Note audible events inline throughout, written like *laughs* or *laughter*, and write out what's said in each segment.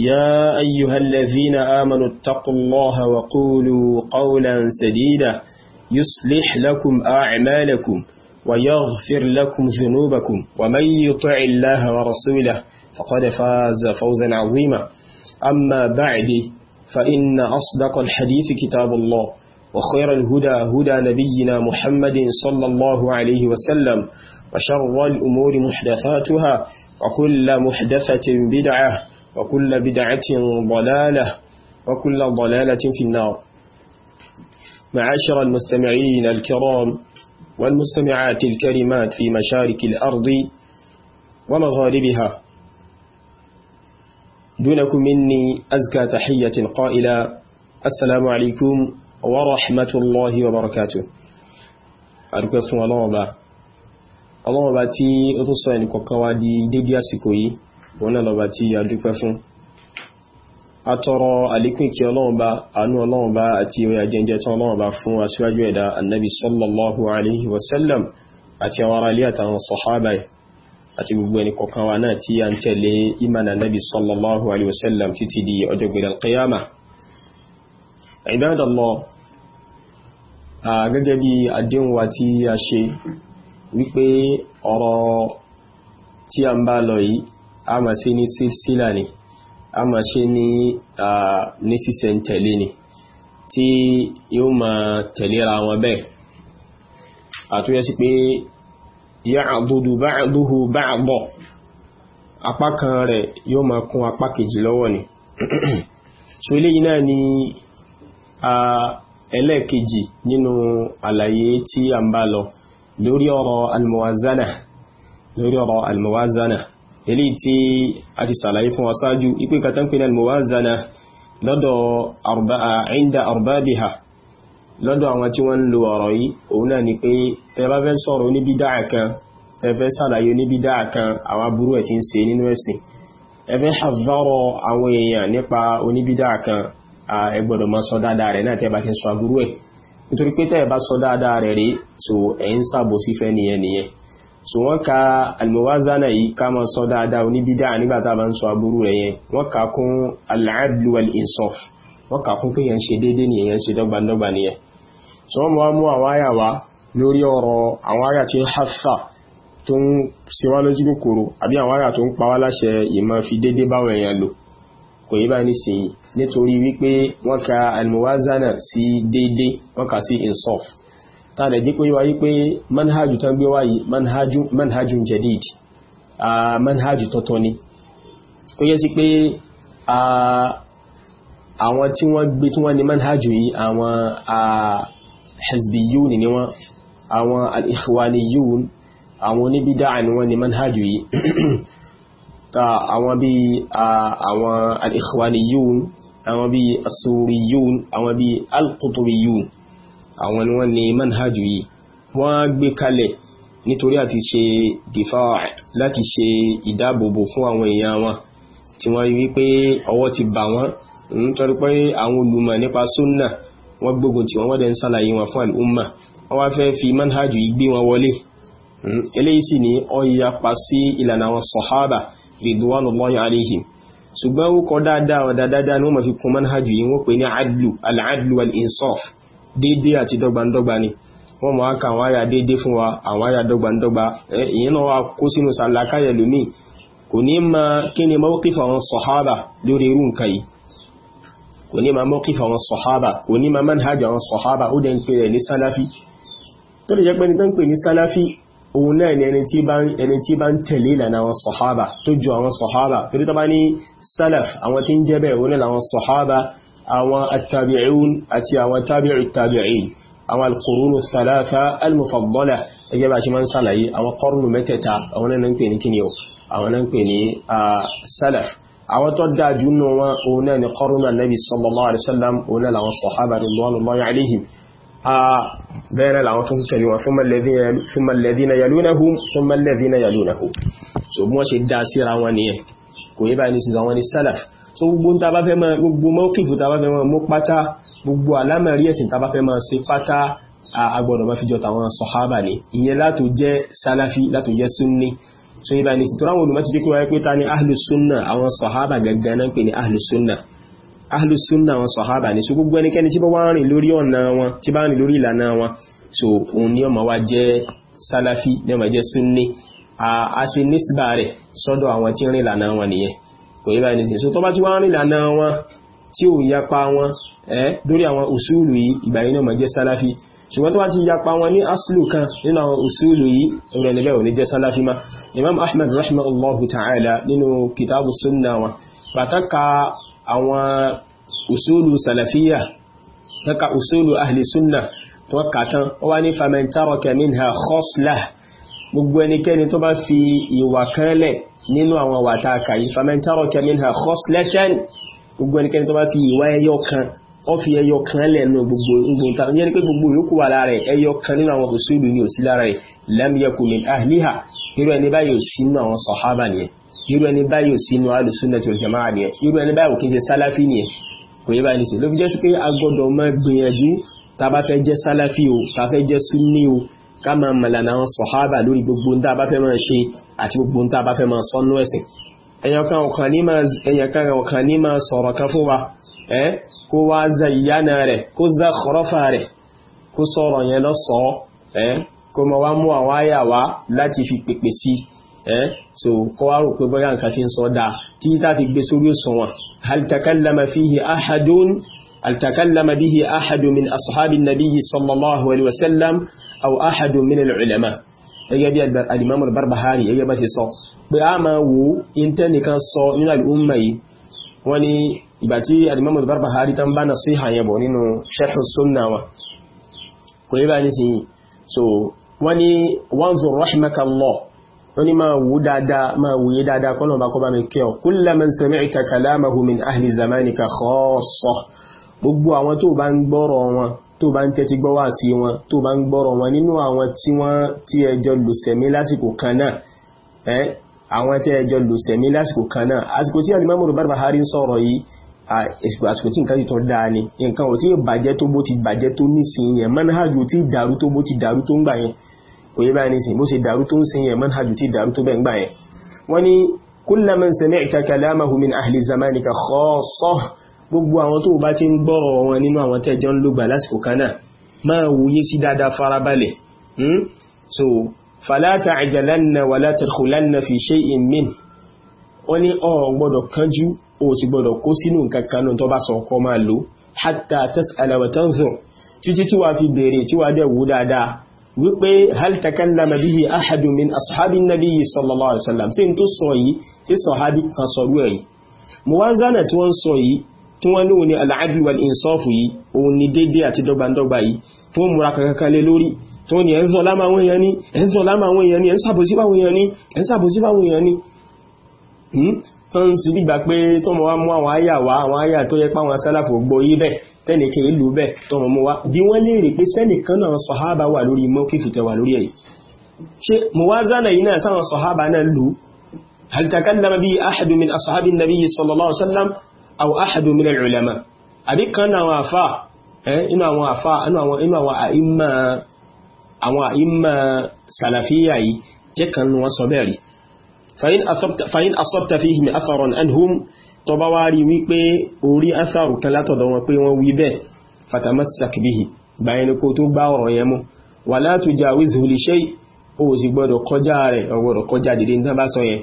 يا أيها الذين آمنوا اتقوا الله وقولوا قولا سديدا يصلح لكم أعمالكم ويغفر لكم ذنوبكم ومن يطع الله ورسوله فقد فاز فوزا عظيما أما بعد فإن أصدق الحديث كتاب الله وخير الهدى هدى نبينا محمد صلى الله عليه وسلم وشر الأمور محدثاتها وكل محدثة بدعة وكل بدعة ضلالة وكل ضلالة في النار معاشر المستمعين الكرام والمستمعات الكريمات في مشارك الأرض ومغاربها دونكم مني أزكى تحية قائلة السلام عليكم ورحمة الله وبركاته أركز الله الله باتي أتصل كوكوادي ديدياسكوي òun náà lọ́ba tí a dúpẹ́ fún atọrọ àlékún kí ọlọ́ọ̀ba àánú ọlọ́ọ̀ba àti orí ajẹ́jẹ́ tán ọlọ́ọ̀ba fún aṣíwájú ẹ̀dá annabi sallallahu alaihi wasallam àti àwọn ará ilé àtàwọn sọ̀hábà àti gbogbo ẹni kọ̀kan wa náà tí a ń tẹ̀lé iman annabi sallallahu alaihi wasallam a máa ṣe ní sílà ni a máa ṣe ní ní sísẹ̀ntẹ̀lé ni tí yóò ma tẹ̀léra wọn bẹ́ẹ̀ àtúnyẹ́ sí pé ya'budu ba'duhu ba'da apa kan rẹ̀ yóò máa kún apá kejì lọ́wọ́ ni *clears throat* so eléyìí náà ni a ẹlẹ́ẹ̀kejì ninu àlàyé tí a ń bá lọ lórí ọ̀rọ̀ almuwazana lórí ọ̀rọ̀ almuwazana ilé tí a ti sàlàyé fún wasájú ipé kàtán pé náà mọ̀wázana lọ́dọ̀ àìndà àrbábíhà lọ́dọ̀ àwọn tí wọ́n lo ọ̀rọ̀ yìí òun náà ni pé tẹ́bá fẹ́ sọ̀rọ̀ ní bídá kan tẹ́fẹ́ sàlàyé ní bídá kan àwọn aburú ẹ̀ tí ń ṣe nínú ẹ̀sìn ẹfẹ́ ṣàzọ́rọ̀ àwọn èèyàn nípa oníbídá kan ẹ gbọ́dọ̀ máa sọ dáadáa rẹ̀ náà tẹ́bá so wọ́n ka almuwazana yìí ká máa sọ dáadáa oníbídá nígbàtà bá ń sọ aburú rẹ̀ yẹn wọ́n ka kún al-adlu wal-insaf wọ́n ka kún kíyàn ṣe déédé ni èyàn ṣe dọ́gbandọ́gba nìyẹn so wọ́n máa mú àwọn àyà wa lórí ọ̀rọ̀ àwọn àyà tí tó ń ṣe tó ń pa insaf tààdẹ̀ dípò yíwa yí manhaju manhajù tán gbé wáyí manhajù jadid a manhajù tọ́tọ́ ni ó yẹ́ sí pé àwọn tí wọ́n gbé tí wọ́n ni manhajù yìí àwọn hezbiyun ni wọ́n àwọn al-ikhwaniyun àwọn oníbídá ni wọ́n ni manhajù yìí *clears throat* àwọn bí àwọn al-ikhwaniyun àwọn bí asuriyun àwọn bí al-qutubiyun àwọn ni wọ́n ní manhajù yìí wọ́n gbé kalẹ̀ nítorí àti ṣe dìfà láti ṣe ìdáàbòbò fún àwọn èèyàn wọn tí wọ́n rí pé ọwọ́ ti bà wọ́n nítorí pé àwọn olùmọ̀ nípa súnnà wọ́n gbógun tí wọ́n wọ́n dẹ̀ ń sàlàyé wọn fún àlùmọ̀ wọ́n wá fẹ́ fi manhajù yìí gbé wọn wọlé hmm, eléyìí sì ní ó yapa sí ìlànà àwọn sọ̀hábà ridwanullahi alaihim ṣùgbọ́n ó kọ dáadáa ọ̀dá dáadáa ni wọ́n fi kún manhajù yìí wọ́n pè ní adlu al-adlu déédé àti dọ́gbandọ́gba ni wọ́n mọ̀ áka àwọn àyà déédé fún wa àwọn àyà dọ́gbandọ́gba ìyẹn náà wá kó sínú sàlákáyẹ̀ lómi kò ní ma kí ni mọ́kífà àwọn sọ̀hábà lórí irú nǹkan yìí kò ní ma mọ́kífà àwọn sọ̀hábà kò ní ma manhaj àwọn sọ̀hábà ó dẹ̀ ń pè rẹ̀ ní sálàfí tó lè jẹ́ pé ní tó ń pè ní sálàfí òun náà ni ẹni tí bá ń tẹ̀lé ìlànà àwọn sọ̀hábà tó ju àwọn sọ̀hábà torí tó bá ní sálàf àwọn tí ń jẹ́ bẹ́ẹ̀ òun náà làwọn sọ̀hábà àwọn attabi'un àti àwọn tabi'u tabi'in àwọn al-qurun thalatha al-mufaddala ẹgbẹ́ bá ṣe máa ń sàlàyé àwọn kọrùnù mẹ́tẹ̀ẹ̀ta àwọn náà ń pè ní kíni o àwọn náà ń pè ní salaf àwọn tó dájú nù wọn òun náà ni kọrùnù annabi sallallahu alaihi wasallam òun náà làwọn sọ̀hábà ridwanullahi alaihim so gbogbo ta bá fẹ́ máa gbogbo mọ́kìfù ta bá fẹ́ máa mú pátá gbogbo alámẹ̀rí ẹ̀sìn ta bá fẹ́ máa ṣe pátá agbọ́dọ̀ máa fi jọ tàwọn sọ̀hábà ní ìyẹn látò jẹ́ sálàfí látò jẹ́ súnni so ibà ní ìsìtò ráwọn olùmọ́ ti jẹ́ kí wáyé pé ta ni ahlùsúnnà àwọn sọ̀hábà gangan náà pè ní ahlùsúnnà ahlùsúnnà àwọn sọ̀hábà ní so gbogbo ẹnikẹ́ni tí bá wá rìn lórí ọ̀nà wọn tí bá rìn lórí ìlànà wọn so òun ni ó máa wá jẹ́ sálàfí ni ó jẹ́ súnni a ṣe nísìbà rẹ̀ sọ́dọ̀ àwọn tí rìn ìlànà wọn nìyẹn kò yí báyìí nìsìn so tó bá ti wá rìn lànà wọn tí ò yapa wọn ẹ́ lórí àwọn òṣùlù yìí ìgbà yìí náà máa jẹ́ sálàfí ṣùgbọ́n tó wá ti yapa wọn ní aslu kan nínú àwọn òṣùlù yìí rẹ̀ níbẹ̀ ò ní jẹ́ sálàfí ma imam ahmed rahimahullahu ta'ala gbogbo ẹnikẹ́ni tó bá fi ìwà kanlẹ̀ nínú àwọn wàtá kàyí famẹ́ntàrọ̀ kẹmínà khoslẹ́tẹ́n gbogbo ẹnikẹ́ni tó bá fi ìwà ẹyọ kan ó fi ẹyọ kan lẹ̀ nù gbogbo ìgbòǹta ní ẹni pé gbogbo yòókù wà lára ẹ̀ ẹyọ kan nínú àwọn òṣèlú ní òsì lára ẹ̀ lam yakun min ahliha irú ẹni báyìí ò sínú àwọn sàhábà nìyẹn irú ẹni báyìí ò sínú ahlu sunnati wal jama'a nìyẹn irú ẹni báyìí ò kí jẹ sálàfí nìyẹn kò yẹ báyìí nìsẹ̀ ló fi jẹ́ sí pé a máa gbìyànjú tá bá fẹ́ jẹ́ sálàfí o tá fẹ́ jẹ́ sunni o ká máa mọ̀lànà àwọn sọ̀hábà lórí gbogbo ń tá bá fẹ́ máa ṣe àti gbogbo ń tá bá fẹ́ máa sọ́nú ẹ̀sìn ẹ̀yọ̀kan ọ̀kan ní máa sọ̀rọ̀ kan fún wa ẹ́ kó wá zayyana rẹ̀ kó zá kọ̀rọ̀fà rẹ̀ kó sọ̀rọ̀ yẹn lọ sọ ẹ́ kó ma wá mú àwọn àyà wá láti fi pèpè sí aw ahadun min al-ulama gẹ́gẹ́ bí al-imam al-barbahari gẹ́gẹ́ bá ṣe sọ pé a máa wo intẹ́nìkan sọ nínú al'umma yìí wọ́n ni ìgbà tí al-imam al-barbahari tán bá nasiha yẹn bọ̀ nínú sharh sunna wa kò yí bá ní sí so wọ́n ni wanzur rahmakallah wọ́n ni máa wú dáadáa máa wúye dáadáa kọ́nà bá kọ́ bá mi kẹ́ ọ kulla man sami'ta kalamahu min ahli zamanika khassa gbogbo àwọn tó bá ń gbọ́rọ̀ wọn tó bá ń tẹ́tí gbọ́ wá sí wọn tó bá ń gbọ́rọ̀ wọn nínú àwọn tí wọ́n tí ẹjọ́ lùsẹ̀mí lásìkò kan náà ẹ́ àwọn tí ẹjọ́ lùsẹ̀mí lásìkò kan náà àsìkò tí alimami rubari bahari ń sọ̀rọ̀ yìí àsìkò tí nǹkan ti tọ́ dáa ni nǹkan ò tí ì bàjẹ́ tó bó ti bàjẹ́ tó nísìnyí yẹn manhaj ò tí ì dàrú tó bó ti dàrú tó ń gbà yẹn kò yẹ báyìí nísìnyí bó ṣe dàrú tó ń sìn yẹn manhaj ò tí ì dàrú tó bẹ́ẹ̀ ń gbà yẹn wọ́n ní kulla man sami'ta kalamahu min ahli zamanika khassah gbogbo àwọn tó bá ti ń gbọ́rọ̀ wọn nínú àwọn tẹ́jọ́ ń lògbà lásìkò kan náà máa wòye sí dáadáa farabalẹ̀ hmm? so fala ta'jalanna wala tadkhulanna fi shay'in min wọ́n ní ọ̀ gbọ́dọ̀ kánjú o sì gbọ́dọ̀ kó sínú nǹkan tó bá sọ ọkọ máa lò hatta tí wọ́n sọ yìí tí wọ́n lóhun ni al-adlu wal-insafu yìí òun ni dédé àti dọ́gbandọ́gba yìí tó múra kankan lé lórí tó ní ẹ̀ ń zọ láma àwọn èèyàn ní ẹ̀ ń zọ láma àwọn èèyàn ní ẹ̀ ń sàbòsí fáwọn èèyàn ní ẹ̀ ń sàbòsí fáwọn èèyàn ní tó ń sì dìgbà pé tó mọ̀ wá mú àwọn àyà wá àwọn àyà tó yẹ páwọn sálàfò gbọ́ yí bẹ́ẹ̀ tẹ́nìkẹ́ ìlú bẹ́ẹ̀ tó aw ahadu min al-ulama àbí kan náà àwọn àfà inú eh, àwọn àfà inú àwọn àìmà àwọn àìmà sàlàfíyà yìí jẹ́ kan ní wọ́n sọ bẹ́ẹ̀ rí fàyín asọ́pta fi hìmì afárọ̀n anhum tó bá wá rí wípé orí asárù kan látọ̀dọ̀ wọn pé wọ́n wí bẹ́ẹ̀ fatamassak bihi báyẹn tó gbá ọ̀rọ̀ yẹn mú wala tujawizhu li shay ó sì gbọ́dọ̀ kọjá rẹ̀ ọgbọ̀dọ̀ kọjá dìde ní tán yẹn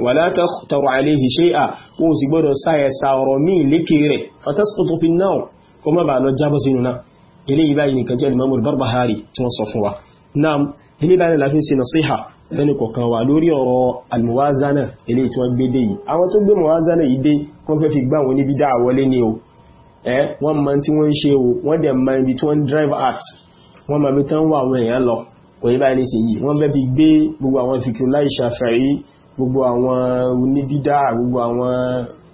wàlá tọrọ àléhì ṣe à kó o sì gbọ́dọ̀ sáyẹ̀sà ọ̀rọ̀ míì lékè rẹ̀ fatasqutu fi náà kó má bàá lọ jábọ́ sínú náà ilé ìbáyìí nìkan jẹ́ Imam al-Barbahari tí wọ́n sọ fún wa náà ilé ìbáyìí láfi ń ṣe nasiha fẹ́ni kọ̀kan wà lórí ọ̀rọ̀ almuwazana ilé tí wọ́n gbé dé yìí àwọn tó gbé muwazana yìí sí yìí fẹ́ fi gbé gbogbo àwọn oníbídá gbogbo àwọn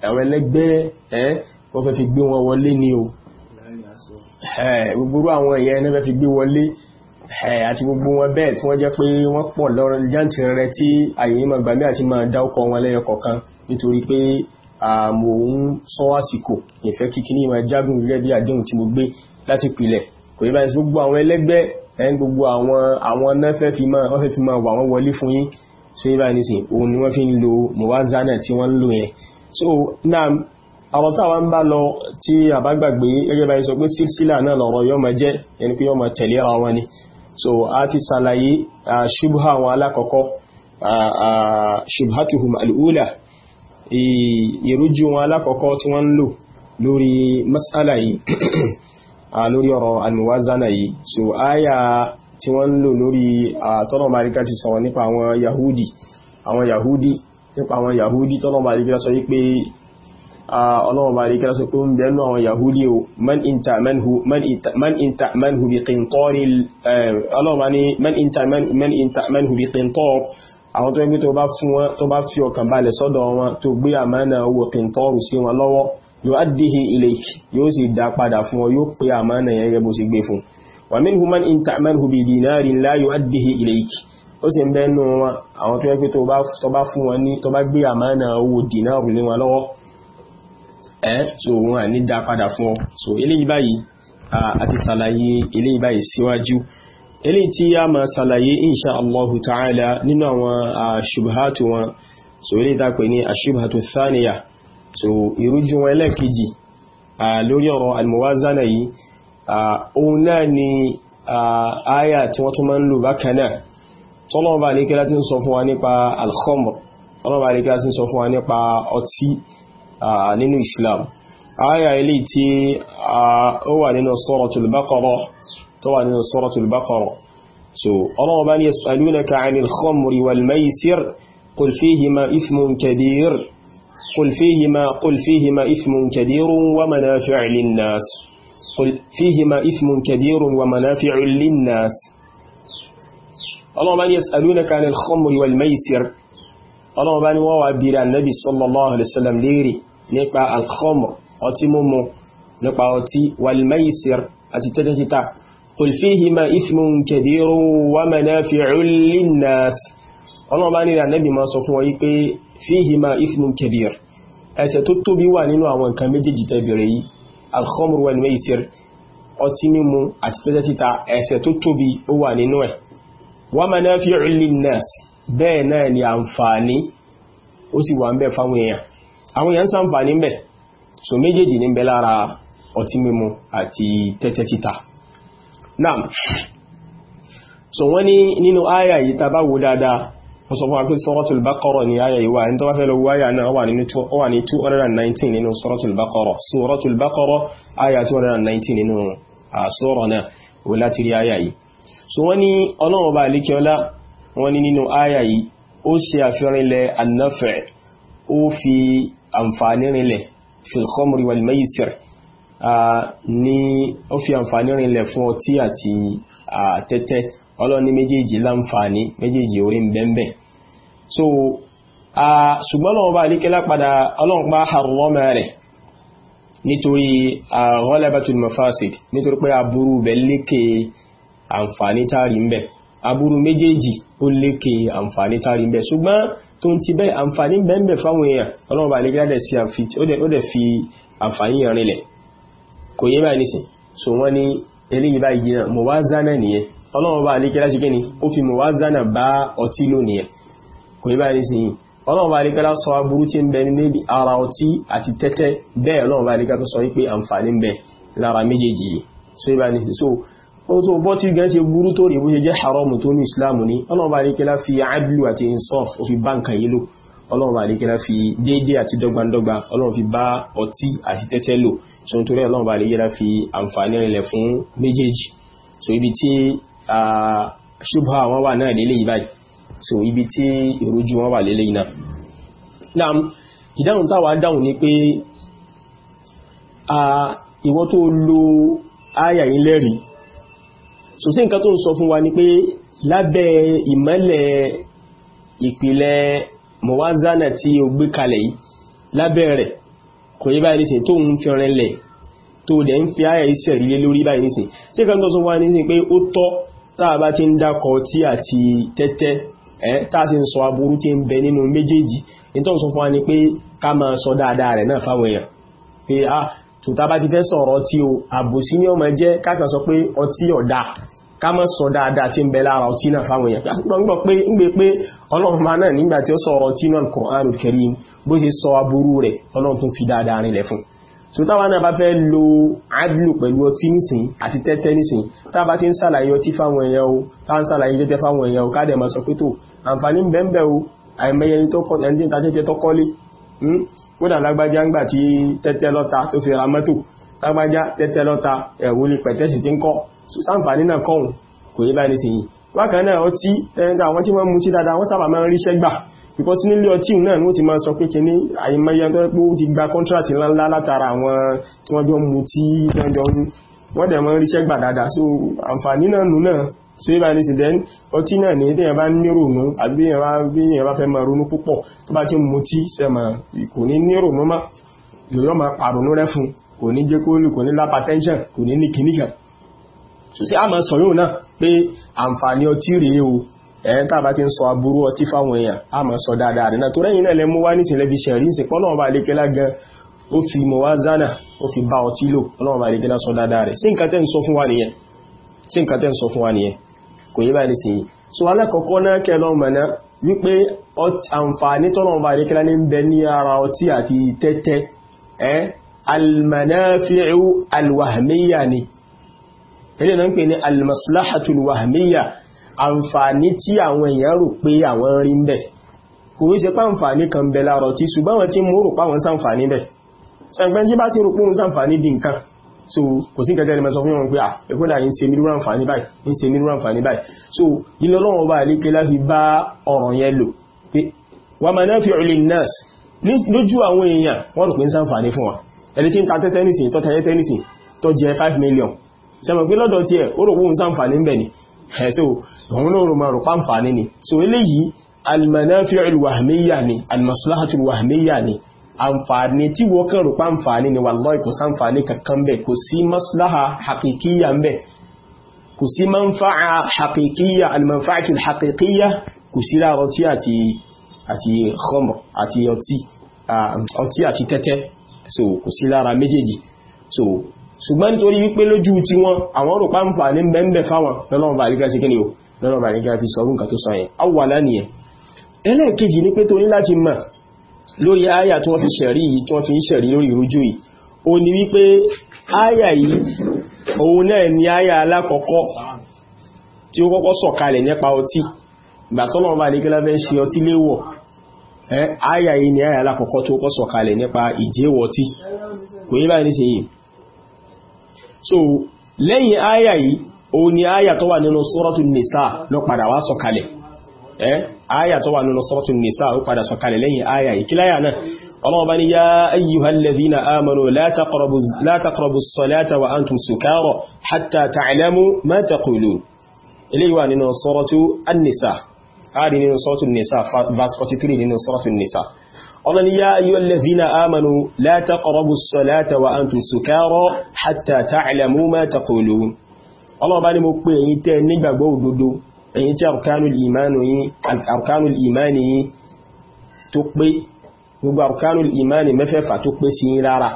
àwọn ẹlẹ́gbẹ́ ẹ́ wọ́n fẹ́ fi gbé wọn wọlé ni o gbogbo àwọn èèyàn ẹni fẹ́ fi gbé wọlé àti gbogbo wọn bẹ́ẹ̀ tí wọ́n jẹ́ pé wọ́n pọ̀ lọ́rọ̀ jáǹtì rẹ tí àyè máa gbàmí àti máa dá ọkọ̀ wọn lẹ́yọ kọ̀ọ̀kan nítorí pé àmò ń sọ àsìkò ìfẹ́ kíkiri máa jágùn gẹ́gẹ́ bí àdéhùn tí so yíba ní sí òun ni wọ́n fi ń lo mọ̀wázánà tí wọ́n ń lò yẹn so na àwọn táwa ń bá lọ tí àbágbàgbé gẹ́gẹ́ bá yí sọ pé sílsílà náà lọ̀rọ̀ yọ́ ma jẹ́ ẹni pé yọ́ tẹ̀lé ara wọn ni so a ti sàlàyé ṣubha àwọn alákọ̀ọ́kọ́ ṣubhatuhum al'ula ìrújú wọn alákọ̀ọ́kọ́ tí wọ́n ń lò lórí masala yìí *clears throat* lórí so aya tí wọ́n ń lò lórí àtọ́nà maríkà ti sọ̀rọ̀ nípa àwọn yahudi àwọn yahudi nípa àwọn yahudi tọ́nà maríkà sọ wípé ọlọ́wọ́ maríkà sọ pé ń bẹ̀ẹ́nu àwọn yahudi o man inta'manhu bi qintar ọlọ́wọ́ ni man inta'manhu bi qintar àwọn tó ẹgbẹ́ tó bá fi ọkàn balẹ̀ sọ́dọ̀ wọn tó gbé àmánà owó qintaru sí wọn lọ́wọ́ yóò adìhì ilayk yóò sì dá padà fún ọ yóò pé àmánà yẹn gẹ́gẹ́ sì gbé fún wà minhum man in ta'manhu bi dinarin la yu'addihi ilayki ó sì ń bẹ́ nù wọn àwọn tó yẹ pé tó bá fún wọn ní tó bá gbé àmánà owó dìnárù lé wọn lọ́wọ́ ẹ́ so wọn à ní dá padà fún ọ so eléyìí báyìí àti sàlàyé eléyìí báyìí síwájú eléyìí tí a máa sàlàyé insha Allahu ta'ala nínú àwọn àṣùbhátù wọn so eléyìí tá pè ní àṣùbhátù thaniya so ìrújú wọn ẹlẹ́ẹ̀kejì lórí ọ̀rọ̀ almuwazana yìí òun náà ni àyà tí wọ́n tún máa ń lò bákanáà tọ́lọ́ọ̀bà ní kí láti ń sọ fún wa nípa al-khamr tọ́lọ́ọ̀bà ní kí láti ń sọ fún wa nípa ọtí nínú Islam àyà ilé tí ó wà nínú Suratul Baqarah tó wà nínú Suratul so ọlọ́ọ̀bá ní yas'alunaka 'anil khamri wal maisir qul fihima ithmun kabir قل فيهما قل فيهما إثم كبير ومنافع للناس قل فيهما إثم كبير ومنافع للناس اللهم أن يسألونك عن الخمر والميسر اللهم أن وابر النبي صلى الله عليه وسلم ليري نقع الخمر أتمم نقع أتي والميسر أتتتتا قل فيهما إثم كبير ومنافع للناس اللهم أن النبي ما صفوه فيهما إثم كبير أتتتبوا ننوع وانكمجي تبريه alkhamru wal maisir ọtí mímu àti tẹ́tẹ́ títa ẹ̀ṣẹ̀ tó tóbi ó wà nínú ẹ̀ wa manafi'u linnas bẹ́ẹ̀ náà ni àǹfààní ó sì wà ń bẹ fáwọn èèyàn àwọn so méjèèjì ní ń bẹ lára ọtí mímu àti tẹ́tẹ́ so wọ́n ní nínú áyà yìí wọ́n sọ fún àpín sọ́rọ̀tù bákọrọ̀ ní ayà ìwà ẹni tó bá fẹ́ lọ wáyà náà wà ní 219 nínú sọ́rọ̀tù bákọrọ̀ sọ́rọ̀tù bákọrọ̀ ayà 219 nínú sọ́rọ̀ náà wọ́n láti rí ayà yìí so wọ́n ní ọlọ́run bá alikiola wọ́n ní nínú ayà yìí ó ṣe àfihànilẹ̀ annáfẹ́ ó fi àǹfààní rinlẹ̀ filkhomri wal maisir ní ọlọ́ni méjèèjì láǹfààní méjèèjì orí ń bẹ́m̀bẹ̀ so a ṣùgbọ́n lọ́wọ́ bá alékẹ́lá padà ọlọ́npá harrọ́mà rẹ̀ nítorí ghalabatul mafasid nítorí pé aburú bẹ lékè àǹfààní tààrí ń bẹ aburú méjèèjì ó lékè àǹfààní tààrí ń bẹ ṣùgbọ́n tó ti bẹ́ àǹfààní bẹ́m̀bẹ̀ fáwọn èèyàn ọlọ́wọ́ bá alékẹ́lá dẹ̀ fi àǹfààní yẹn rinlẹ̀ kò yé báyìí ọlọ́run bá alékẹ́lá ṣe kíni ó fi muwazana bá ọtí lónìí ẹ̀ kò yí bá ní sí ọlọ́run bá alékẹ́lá sọ aburú tí ń bẹ níbi ara ọtí àti tẹ́tẹ́ bẹ́ẹ̀ ọlọ́run bá alékẹ́lá tó sọ wípé àǹfààní ń bẹ lára méjèèjì yìí so yí bá ní sí so ó tó bọ́ tí gan ṣe burú tó rí bó ṣe jẹ́ haramu tó ní islam ní ọlọ́run bá alékẹ́lá fi adlu àti dọ́gbandọ́gba ọlọ́run fi bá ọtí àti tẹ́tẹ́ lò so nítorí ọlọ́run bá alékẹ́lá fi àǹfààní rẹ̀ fún méjèèjì so ibi tí ṣubha wọn wà náà lélẹ̀ ìbáyìí so ibi tí ìrújú wọn wà lélẹ̀ iná náà ìdáhùn táwà dáhùn ní pé ìwọ tó lo áyà yìí lẹ́rí so sí nǹkan tó ń sọ fún wa ní pé lábẹ́ ìmọ́lẹ̀ ìpìlẹ̀ mọ̀wázánà tí o gbé kalẹ̀ yìí lábẹ́ rẹ̀ kò yí báyìí nìsìn tó ń fi rinlẹ̀ tó dẹ̀ ń fi áyà ìṣẹ̀rí lórí báyìí sí nǹkan tó sọ wá nìsìn pé ó tọ́ táà bá ti ń dákọ̀ tí àti tẹ́tẹ́ ẹ́ táà sì ń sọ aburú tí ń bẹ nínú méjèèjì nítorí sọ fún wa ni pé ká máa sọ dáadáa rẹ̀ náà fáwọn èèyàn pé a tòta bá ti fẹ́ sọ̀rọ̀ ọtí o àbòsí ní ọmọ jẹ́ káàkiri sọ pé ọtí ọ̀dà ká máa sọ dáadáa tí ń bẹ lára so táwa náà bá fẹ́ lo adlu pẹ̀lú ọtí nísìn àti tẹ́tẹ́ nísìn táwa ti ń sàlàyé ọtí fáwọn èèyàn o táwa ń sàlàyé tẹ́tẹ́ fáwọn èèyàn o káàdẹ̀ máa sọ pé tó àǹfààní ń bẹ́ẹ̀ o àìmọye ẹni tó kọ́ ẹni tí ń ta tẹ́tẹ́ tó kọ́lé hmm? kódà lágbájá ń gbà tí tẹ́tẹ́ lọ́ta tó fi ra mọ́tò lágbájá tẹ́tẹ́ lọ́ta ẹ̀wò lè pẹ̀tẹ́ sì ti ń kọ́ sáǹfààní náà because nílé ọtí náà ní ó ti máa sọ pé kìíní àìmọ̀yà tó pé ó ti gba contract ńláńlá látara àwọn tí wọ́n jọ mú tí dandan wọ́n dẹ̀ mọ́ ríṣẹ́ gbà dáadáa so àǹfààní náà nù náà so if i listen then ọtí náà ní èyàn bá ní rònú àbí èyàn bá fẹ́ máa ronú púpọ̀ tó bá ti mú tí ẹ̀yẹn tàbá ti ń sọ aburú ọtí fáwọn èèyàn a máa sọ dáadáa rẹ̀ náà tó rẹ̀yìn náà lẹ mú wá ní ìsìnlẹ̀ fi ṣẹ̀rí ìsìn pọ́nà ọba àlékẹ́lá gan ó fi mọ̀wázánà ó fi bá ọtí lò pọ́nà ọba àlékẹ́lá sọ dáadáa rẹ̀ sí nǹkan tẹ́ ń sọ fún wa nìyẹn sí nǹkan tẹ́ ń sọ fún wa nìyẹn ni eléyìí náà ń pè ní almaslahatul wahmiya àǹfààní tí àwọn èèyàn rò pé àwọn rí ń bẹ̀ kò ń ṣe pá àǹfààní kan bẹ láàrọ̀ tí ṣùgbọ́n wọn tí mú rò páwọn sáǹfààní bẹ̀ ṣàgbẹ́n tí bá sí rò pé òun sáǹfààní di nǹkan so kò sí kẹtẹ́ ẹnìmọ̀ sọ fún wọn pé ah, à ẹ̀kọ́dà ń ṣe mílíọ̀nù àǹfààní báyìí ń ṣe mílíọ̀nù àǹfààní báyìí so ilé ọlọ́run bá àlékè láti bá ọ̀rọ̀ yẹn lò pé wà máa náà fi ọ̀lẹ̀ nọ́ọ̀sì lójú àwọn èèyàn wọ́n rò pé ń sáǹfààní fún wọn ẹni tí ń ta tẹ́tẹ́ nìsìn million ṣe mọ̀ pé lọ́dọ̀ tí ẹ̀ ó òun náà rò máa rò pàǹfààní ni so eléyìí almanafi alwahmiya ni almaslahatu alwahmiya ni àǹfààní tí wọ́n kàn rò pàǹfààní ni wallahi kò sáǹfààní kankan bẹ̀ kò sí maslaha hakikiya ń bẹ̀ kò sí manfa'a hakikiya almanfa'atu alhakikiya kò sí láàrọ̀ tí àti àti khamr àti ọtí ọtí àti tẹ́tẹ́ so kò sí lára méjèèjì so ṣùgbọ́n nítorí wípé lójú tí wọn àwọn rò pàǹfààní ń lọ́rọ̀ bà nígbà fi sọrún nǹkan tó sọ yẹn awwala nìyẹn ẹlẹ́ẹ̀kejì ní pé tó ní láti mọ̀ lórí àyà tí wọ́n fi ṣẹ̀rí yìí tí wọ́n fi ń ṣẹ̀rí lórí ìrújú yìí ó ní wípé àyà yìí òun náà ni àyà alákọ̀ọ́kọ́ tí ó kọ́kọ́ sọ̀kalẹ̀ nípa ni àyà nípa ọtí so lẹ́yìn àyà yìí òun ni áyà tó wà nínú sọ́rọ̀tù nìsá ló padà wá sọ̀kalẹ̀ eh áyà tó wà nínú sọ́rọ̀tù nìsá ó padà sọ̀kalẹ̀ lẹ́yìn áyà ìkíláyà náà ọlọ́wọ́ bá ní yá ayyuhal ladhina amanu la taqrabu la taqrabu as-salata wa antum sukara hatta ta'lamu ma taqulun eléyìí wà nínú sọ́rọ̀tù an-nisa áàrí nínú sọ́rọ̀tù nìsá verse 43 nínú sọ́rọ̀tù nìsá ọlọ́ni yá ayyuhal ladhina amanu la taqrabu wa antum sukara hatta ta'lamu ma ọlọ́ọ̀bá ní mo pé ẹ̀yin tẹ́ nígbàgbọ́ òdodo ẹ̀yin tí arkanul ìmáni yìí arkanul ìmáni yìí tó pé gbogbo arkanul ìmáni mẹ́fẹ́fà tó pé sí rárá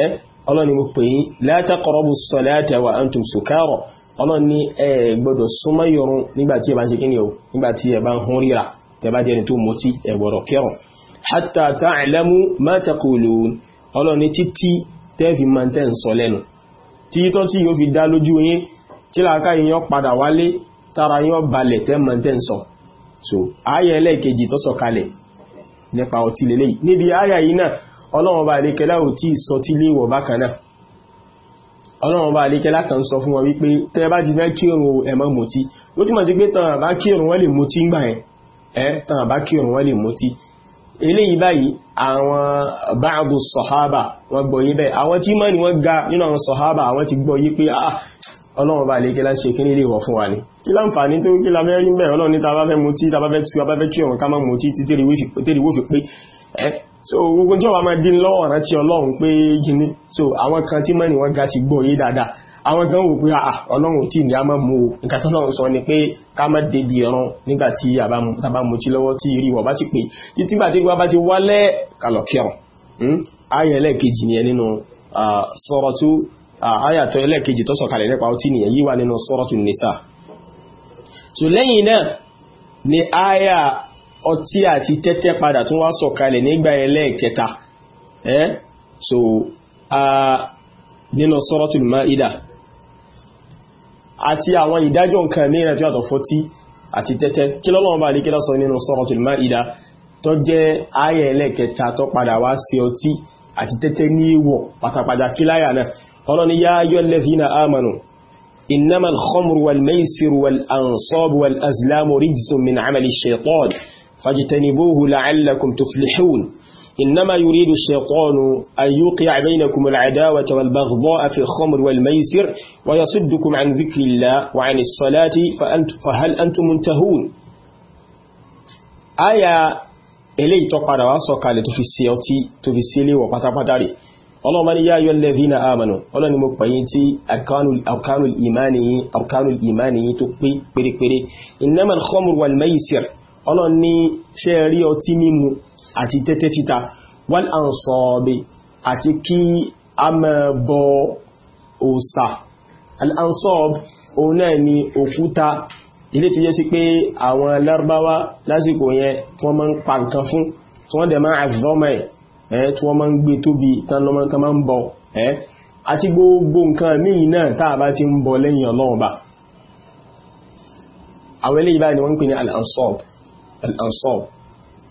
ẹ́ ọlọ́ni mo pè yín la taqrabu salata wa hatta ta'lamu ma taqulun ọlọ́ni títí tẹ́ fi tẹ́ ń sọ lẹ́nu títí tó tí yóò fi dá lójú yín tí láàká yíyan padà wálé tara yíyan balẹ̀ tẹ́mọ̀ tẹ́ so ayẹ ẹlẹ́ẹ̀kejì tó sọ kalẹ̀ nípa ọtí lélẹ̀ níbi ayà yìí náà ọlọ́run bá àdékẹ́lá ò tí sọ tí lé wọ̀ bákan náà ọlọ́run bá àdékẹ́lá kan sọ fún wọn wípé tẹ́ bá ti fẹ́ kírun ẹ̀mọ́ mutí ó túmọ̀ sí pé tàn bá kírun wọ́n lè mutí ńgbà yẹn ẹ̀ tàn bá kírun wọ́n lè mutí eléyìí ọlọ́run bá lè kílá ṣe kí ní ilé ìwọ̀ fún wa ní kí láǹfààní tó kí la mẹ́rin bẹ̀rẹ̀ ọlọ́run ní tàbá fẹ́ mú tí tàbá tí ọba fẹ́ tí ọ̀run ká mọ́ mú tí tí wó fi pé ẹ́ so gbogbo tí ọba máa dín lọ́wọ́ rántí ọlọ́run pé gini so àwọn kan tí mẹ́rin wọn ga ti gbọ́ yé dáadáa àwọn kan wò pé àà ọlọ́run tí ní a máa mú o nǹkan tó lọ́run sọ ni pé ká má débi ẹran nígbà tí àbá mú tí lọ́wọ́ tí rí wọ̀ bá ti pè títí gbà tí wọ́n bá ti wálẹ̀ kàlọ̀kẹ́rùn-ún hmm? ayẹ̀lẹ́ kejì ni nínú ah, sọ́rọ̀ tó àyàtọ̀ ẹlẹ́ẹ̀kejì tó sọ̀kalẹ̀ nípa ọtí nìyẹn yíwá nínú sọ́rọ̀tù nìsà so lẹ́yìn náà ni àyà ọtí àti tẹ́tẹ́ padà tún wá sọ̀kalẹ̀ nígbà ẹlẹ́ẹ̀kẹta ẹ́ so nínú sọ́rọ̀tù Maida àti àwọn ìdájọ́ nǹkan mìíràn tí yàtọ̀ fọ́tí àti tẹ́tẹ́ kí lọ́lọ́wọ́ bá ní kí lọ́sọ nínú sọ́rọ̀tù Maida tó jẹ́ àyà ẹlẹ́ẹ̀kẹta tó padà wá sí ọtí àti tẹ́tẹ́ ní ìwọ̀ pátápátá kí láyà náà ọlọ́ni يا ايها الذين امنوا إنما الخمر والميسر والأنصاب والأزلام رجس من عمل الشيطان فاجتنبوه لعلكم تفلحون إنما يريد الشيطان أن يوقع بينكم العداوة والبغضاء في الخمر والميسر ويصدكم عن ذكر الله وعن الصلاة فانت فهل أنتم منتهون آية إلي تقرأ سوكالي تفسيلي وقتابتاري ọlọ́run bá ní yá ayọ́ lẹ́dínà àmànà ọlọ́run ni mo pè yín tí arkanul imani yín arkanul imani yín tó pé pérépéré innamal khamru wal maisir ọlọ́run ní ṣe rí ọtí mímu àti tẹ́tẹ́ títa wal ansabi àti kí a máa bọ òsà wọ́n máa ń pa nǹkan fún tí wọ́n dẹ̀ tí wọ́n máa ń gbé tóbi tánlọ́mọ́ká máa ń bọ àti gbogbo nǹkan míì náà táà bá ti ń bọ lẹ́yìn ọlọ́ọ̀bà àwọn ilé ìbáyìí ni wọ́n ń pè ní al-ansab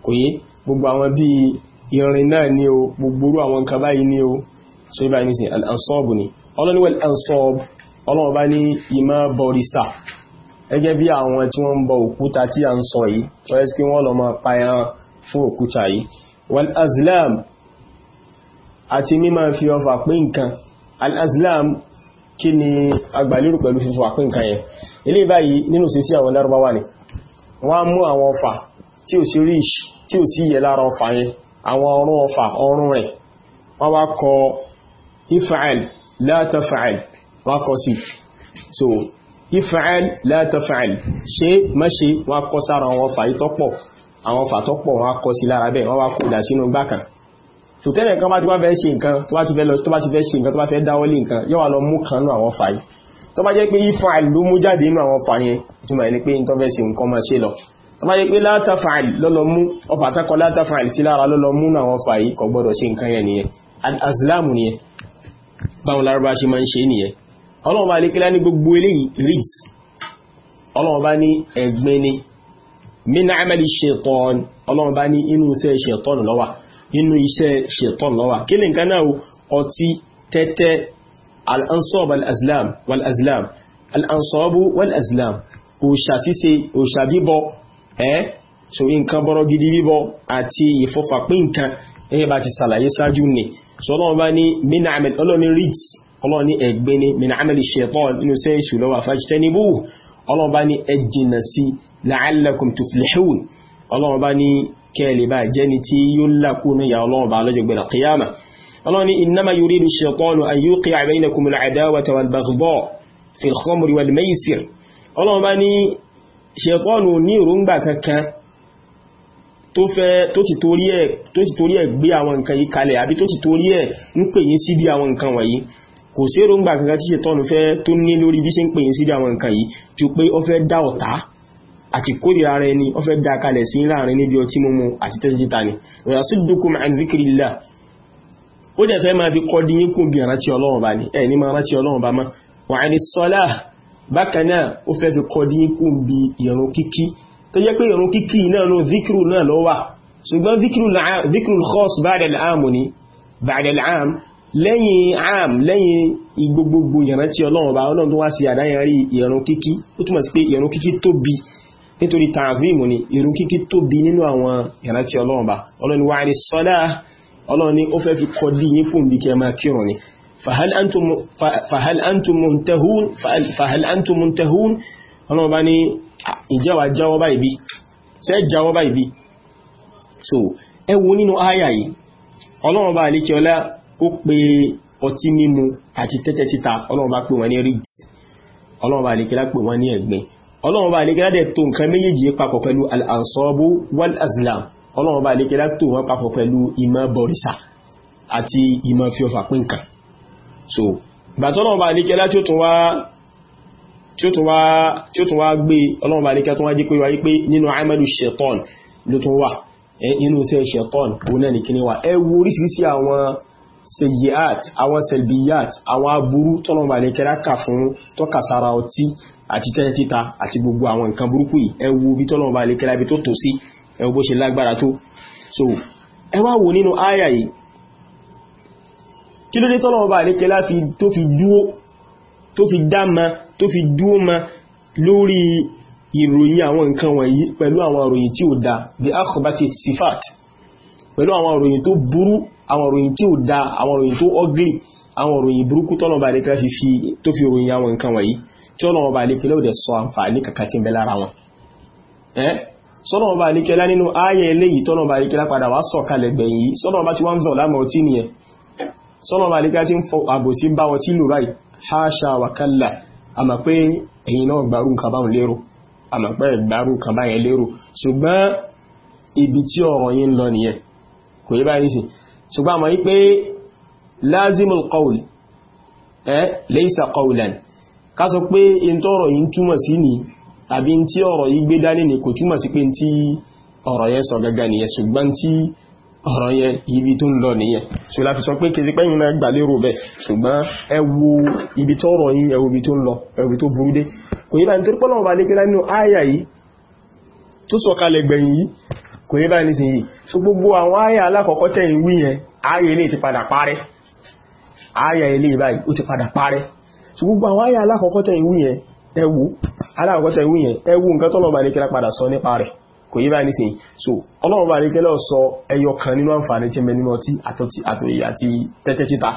kò yé gbogbo àwọn bí irin náà ní o gbogbo àwọn nǹkan báyìí ní o so ìbáyìí ní sí al-ansab ni ọlọ́ni wal ansab ọlọ́wọ́ bá ní ìmá bọ̀rìsà ẹgẹ́ bí àwọn tí wọ́n ń bọ òkúta tí a ń sọ yìí wọ́n kí wọ́n lọ máa pa ẹran fún òkúta yìí wal azlam àti mímọ̀ fi ọfà pín nǹkan al-azlam kí ni agbàlérò pẹ̀lú fífò àpín nǹkan yẹn ilé báyìí nínú sí sí àwọn lárúbáwà ni wọ́n mú àwọn ọfà tí ò sí ríṣ tí ò sí yẹ lára ọfà yẹn àwọn ọrún ọfà ọrún rẹ̀ wọ́n wá kọ ifa'al la tafa'al wọ́n kọ sí so ifa'al la tafa'al ṣe mẹ́ṣe wọ́n kọ sára àwọn ọfà yìí tọ́pọ̀ àwọn ọfà tọ́pọ̀ wọ́n kọ sí lára bẹ́ẹ̀ wọ́n wá kó ìdásínú gbákan so tẹ́lẹ̀ kan bá ti wá fẹ́ ṣe nǹkan tó bá ti fẹ́ lọ tó bá ti fẹ́ ṣe nǹkan tó bá fẹ́ dáwọ́lé nǹkan yóò wá lọ mú kan nú àwọn fàáyì tó bá jẹ́ pé ifa'il ló mú jáde nínú àwọn fàáyì ìtumọ̀ ẹni pé tó fẹ́ ṣe nǹkan máa ṣe lọ tó bá jẹ́ pé la taf'al lọ́lọ́ mú ọfà takọ la taf'al sí lára lọ́lọ́ mú àwọn fàáyì kò gbọ́dọ̀ ṣe nǹkan yẹn nìyẹn nínú iṣẹ́ ṣètọ́n lọ́wà kí ni nǹkan náà ọtí tẹ́tẹ́ al'ansọ́b al'azlam wal'azlam al'ansọ́bù wal'azlam òṣà ṣíṣe òṣà bíbọ ẹ́ so nǹkan bọ́rọ̀ gidi bíbọ àti ìfọfàpín nǹkan ẹgbẹ́ bá ti sàlàyé sáájú ni so ọlọ́run bá ní minamel ọlọ́ni riggs ọlọ́ni ẹgbẹ́ ni minamel ṣẹ̀tọ́n nínú sẹ́ kẹ́lẹ̀ bá jẹ́ni tí yóò lákúnú ya ọlọ́run bá lọ́jọ́ gbẹ̀rẹ̀ kìyàmà ọlọ́run ni innama yuridu ash-shaytanu an yuqi'a baynakum al-'adawata wal-baghdha'a fi al-khamri wal-maysir ọlọ́run bá ní ṣẹ̀tọ́nù ní òrùngbà kankan tó ti torí ẹ̀ gbé àwọn nǹkan yìí kalẹ̀ àbí tó ti torí ẹ̀ ń kò sí òrùngbà kankan tí ṣẹ̀tọ́nù fẹ́ tó ní lórí bí ṣe ń pè yín sí nǹkan yìí ju pé ó fẹ́ dá ọ̀tá àti kórìíra rẹ ni ó fẹ́ dá kalẹ̀ sí láàrin níbi ọtí mímu àti tẹ́tẹ́tà ni yasuddukum an dhikrillah ó dẹ̀ fẹ́ máa fi kọ́ dín yín kún bí ìrántí ọlọ́run bá ní ẹ̀ ní máa rántí ọlọ́run bá mọ́ wa anis salah bákan náà ó fẹ́ fi kọ́ dín yín kún bí ìrun kíkí tó jẹ́ pé ìrun kíkí náà ló zikiru lẹ́yìn aam lẹ́yìn ìgbogbogbò ìrántí ọlọ́run bá ọlọ́run tó wá sí àdáyẹrí ìrun ó túmọ̀ sí pé ìrun kíkí tóbi nítorí tààzímù ni ìrun kíkí tóbi nínú àwọn ìrántí ọlọ́run bá ọlọ́run wà ní sọ́lá ọlọ́run ni ó fẹ́ fi kọ́ dí yín fún bíkẹ́ máa kírun ni fahal antum muntahun fahal antum muntahun ọlọ́run bá ní ìjẹ́wà ah, jáwọ́ báyìí bí ṣe jáwọ́ báyìí bí so ẹ wo nínú àyà yìí ọlọ́run bá àlékẹ́ ọlá ó pe ọtí ọlọ́run bá lékẹ́lá dẹ̀ tó nǹkan méjèèjì papọ̀ pẹ̀lú al'ansabu wal azlam ọlọ́run bá lékẹ́lá tó wọ́n papọ̀ pẹ̀lú ìmọ̀ bọ̀rìṣà àti ìmọ̀ fi ọfà pín nǹkan so bàtọ́lọ́run bá lékẹ́lá tí ó tún wá tí ó tún wá tí ó tún wá gbé ọlọ́run bá lékẹ́lá tó wá jí pé wáyé pé nínú amalu shaitan ló tún wà nínú iṣẹ́ shaitan òun náà ní kíní wà ẹ wo oríṣiríṣi àwọn seyyiat àwọn selbiyat àwọn aburu tọ́lọ̀mà lè kẹ́rà kà fún tọ́ka sára ọtí àti tẹ́tẹ́ títa àti gbogbo àwọn nǹkan burúkú yìí ẹ wo bí tọ́lọ̀mà lè kẹ́rà bí tó tó sí ẹ wo bó ṣe lágbára tó so ẹ wá wo nínú àyà yìí kí ló dé tọ́lọ̀mà lè kẹ́rà tó fi dúó tó fi dá ma tó fi dúó ma lórí ìròyìn àwọn nǹkan wọ̀nyí pẹ̀lú àwọn ìròyìn tí ó da the akhobati sifat pẹ̀lú àwọn òròyìn tó burú àwọn òròyìn tí ò da àwọn òròyìn tó ugly àwọn òròyìn burúkú tọ́nà bá lè tó fi òròyìn àwọn nǹkan wọ̀nyí tí ọ̀nà bá lè pẹ̀lú ọ̀dẹ̀ sọ àǹfààní kàkà tí ń bẹ lára wọn sọ́nà ọba àríkẹlá nínú ayẹ eléyìí tọ́nà ọba àríkẹlá padà wá sọ̀kalẹ̀ gbẹ̀yìn yìí sọ́nà ọba tí wọ́n ń zọ̀ lámọ̀ ọtí nìyẹn sọ́nà ọba àríkẹlá tí ń fọ ibi tí ọ̀rọ̀ yìí lọ nìyẹn kò yí báyìí sí ṣùgbọ́n àmọ́ wípé lazimul qawl ẹ́ laysa qawlan ká sọ pé in tó ọ̀rọ̀ yìí túmọ̀ sí ni àbí in tí ọ̀rọ̀ yìí gbé dání ni kò túmọ̀ sí pé in tí ọ̀rọ̀ yẹn sọ gẹ́gẹ́ nìyẹn ṣùgbọ́n tí ọ̀rọ̀ yẹn ibi tó ń lọ nìyẹn tó sọ̀kalẹ̀ gbẹ̀yìn yìí kò yé báyìí nísìnyí so gbogbo àwọn àyà alákọ̀ọ́kọ́ tẹ́yìn wí yẹn àyà ilé ti padà parẹ́ àyà ilé báyìí ó ti padà parẹ́ so gbogbo àwọn àyà alákọ̀ọ́kọ́ tẹ́yìn wí yẹn ẹwù alákọ̀ọ́kọ́ tẹ́yìn wí yẹn ẹwù nǹkan tọ́lọ̀ bá lékẹ́lá padà sọ nípa kò yé báyìí nísìnyí so ọlọ́run bá lékẹ́lá sọ ẹyọ kan nínú àǹfààní tí mẹ́ nínú ọtí àtọ̀tí àti tẹ́tẹ́ títa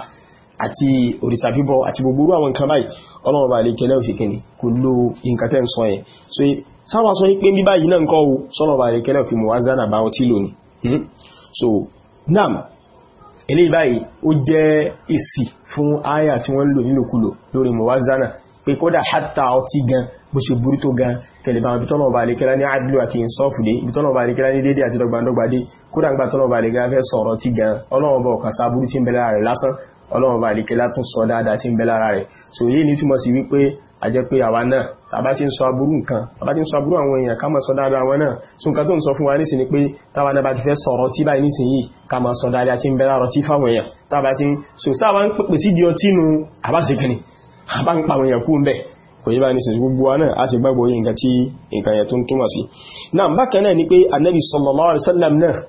àti òrìṣà bíbọ àti gbogbo àwọn nǹkan báyìí ọlọ́run bá lè kẹlẹ́ òfìkẹ́ ni kò ló nǹkan tẹ́ ń sọ yẹn so sáwà sọ pé bí báyìí náà nǹkan o sọ́nà bá lè kẹlẹ́ òfin mọ̀ wázánà bá ọtí lò ní hmm? so nam eléyìí báyìí ó jẹ́ èsì fún àyà tí wọ́n ń lò nílòkulò lórí mọ̀ wázánà pé kódà hátà ọtí gan bó ṣe burú tó gan tẹ̀lébà ibi tọ́nà ọba àríkẹ́lá ní àdìlú àti ìsọ́fù dé ibi tọ́nà ọba àríkẹ́lá ní dédé àti dọ́gbàndọ́gbà dé kódà ọba àríkẹ́lá fẹ́ sọ̀rọ̀ tí gan ọlọ́wọ́ bọ̀ kàsá burú tí ń bẹ̀rẹ̀ rẹ̀ lásán ọlọ́run bá àdíkẹ́ látún sọ dáadáa tí ń bẹ lára rẹ̀ so yìí ní túmọ̀ sí wípé a jẹ́ pé àwa náà tàbá ti ń sọ aburú nǹkan tàbá ti ń sọ aburú àwọn èèyàn ká máa sọ dáadáa wọn náà so nǹkan tó ń sọ fún wa nísìn ni pé táwa náà bá ti fẹ́ sọ̀rọ̀ tí báyìí nísìn yìí ká máa sọ dáadáa tí ń bẹ lára tí fáwọn èèyàn tàbá ti ń so sáwa ń pèpè sí di ọtí nu àbáṣekìnì àbá ń pa àwọn èèyàn kú ń bẹ̀ kò yí báyìí nísìn gbogbo wa náà a ti gbàgbọ́ yìí nǹkan tí nǹkan yẹn tó ń túmọ̀ sí náà bákan náà ni pé Ànábì sallallahu alaihi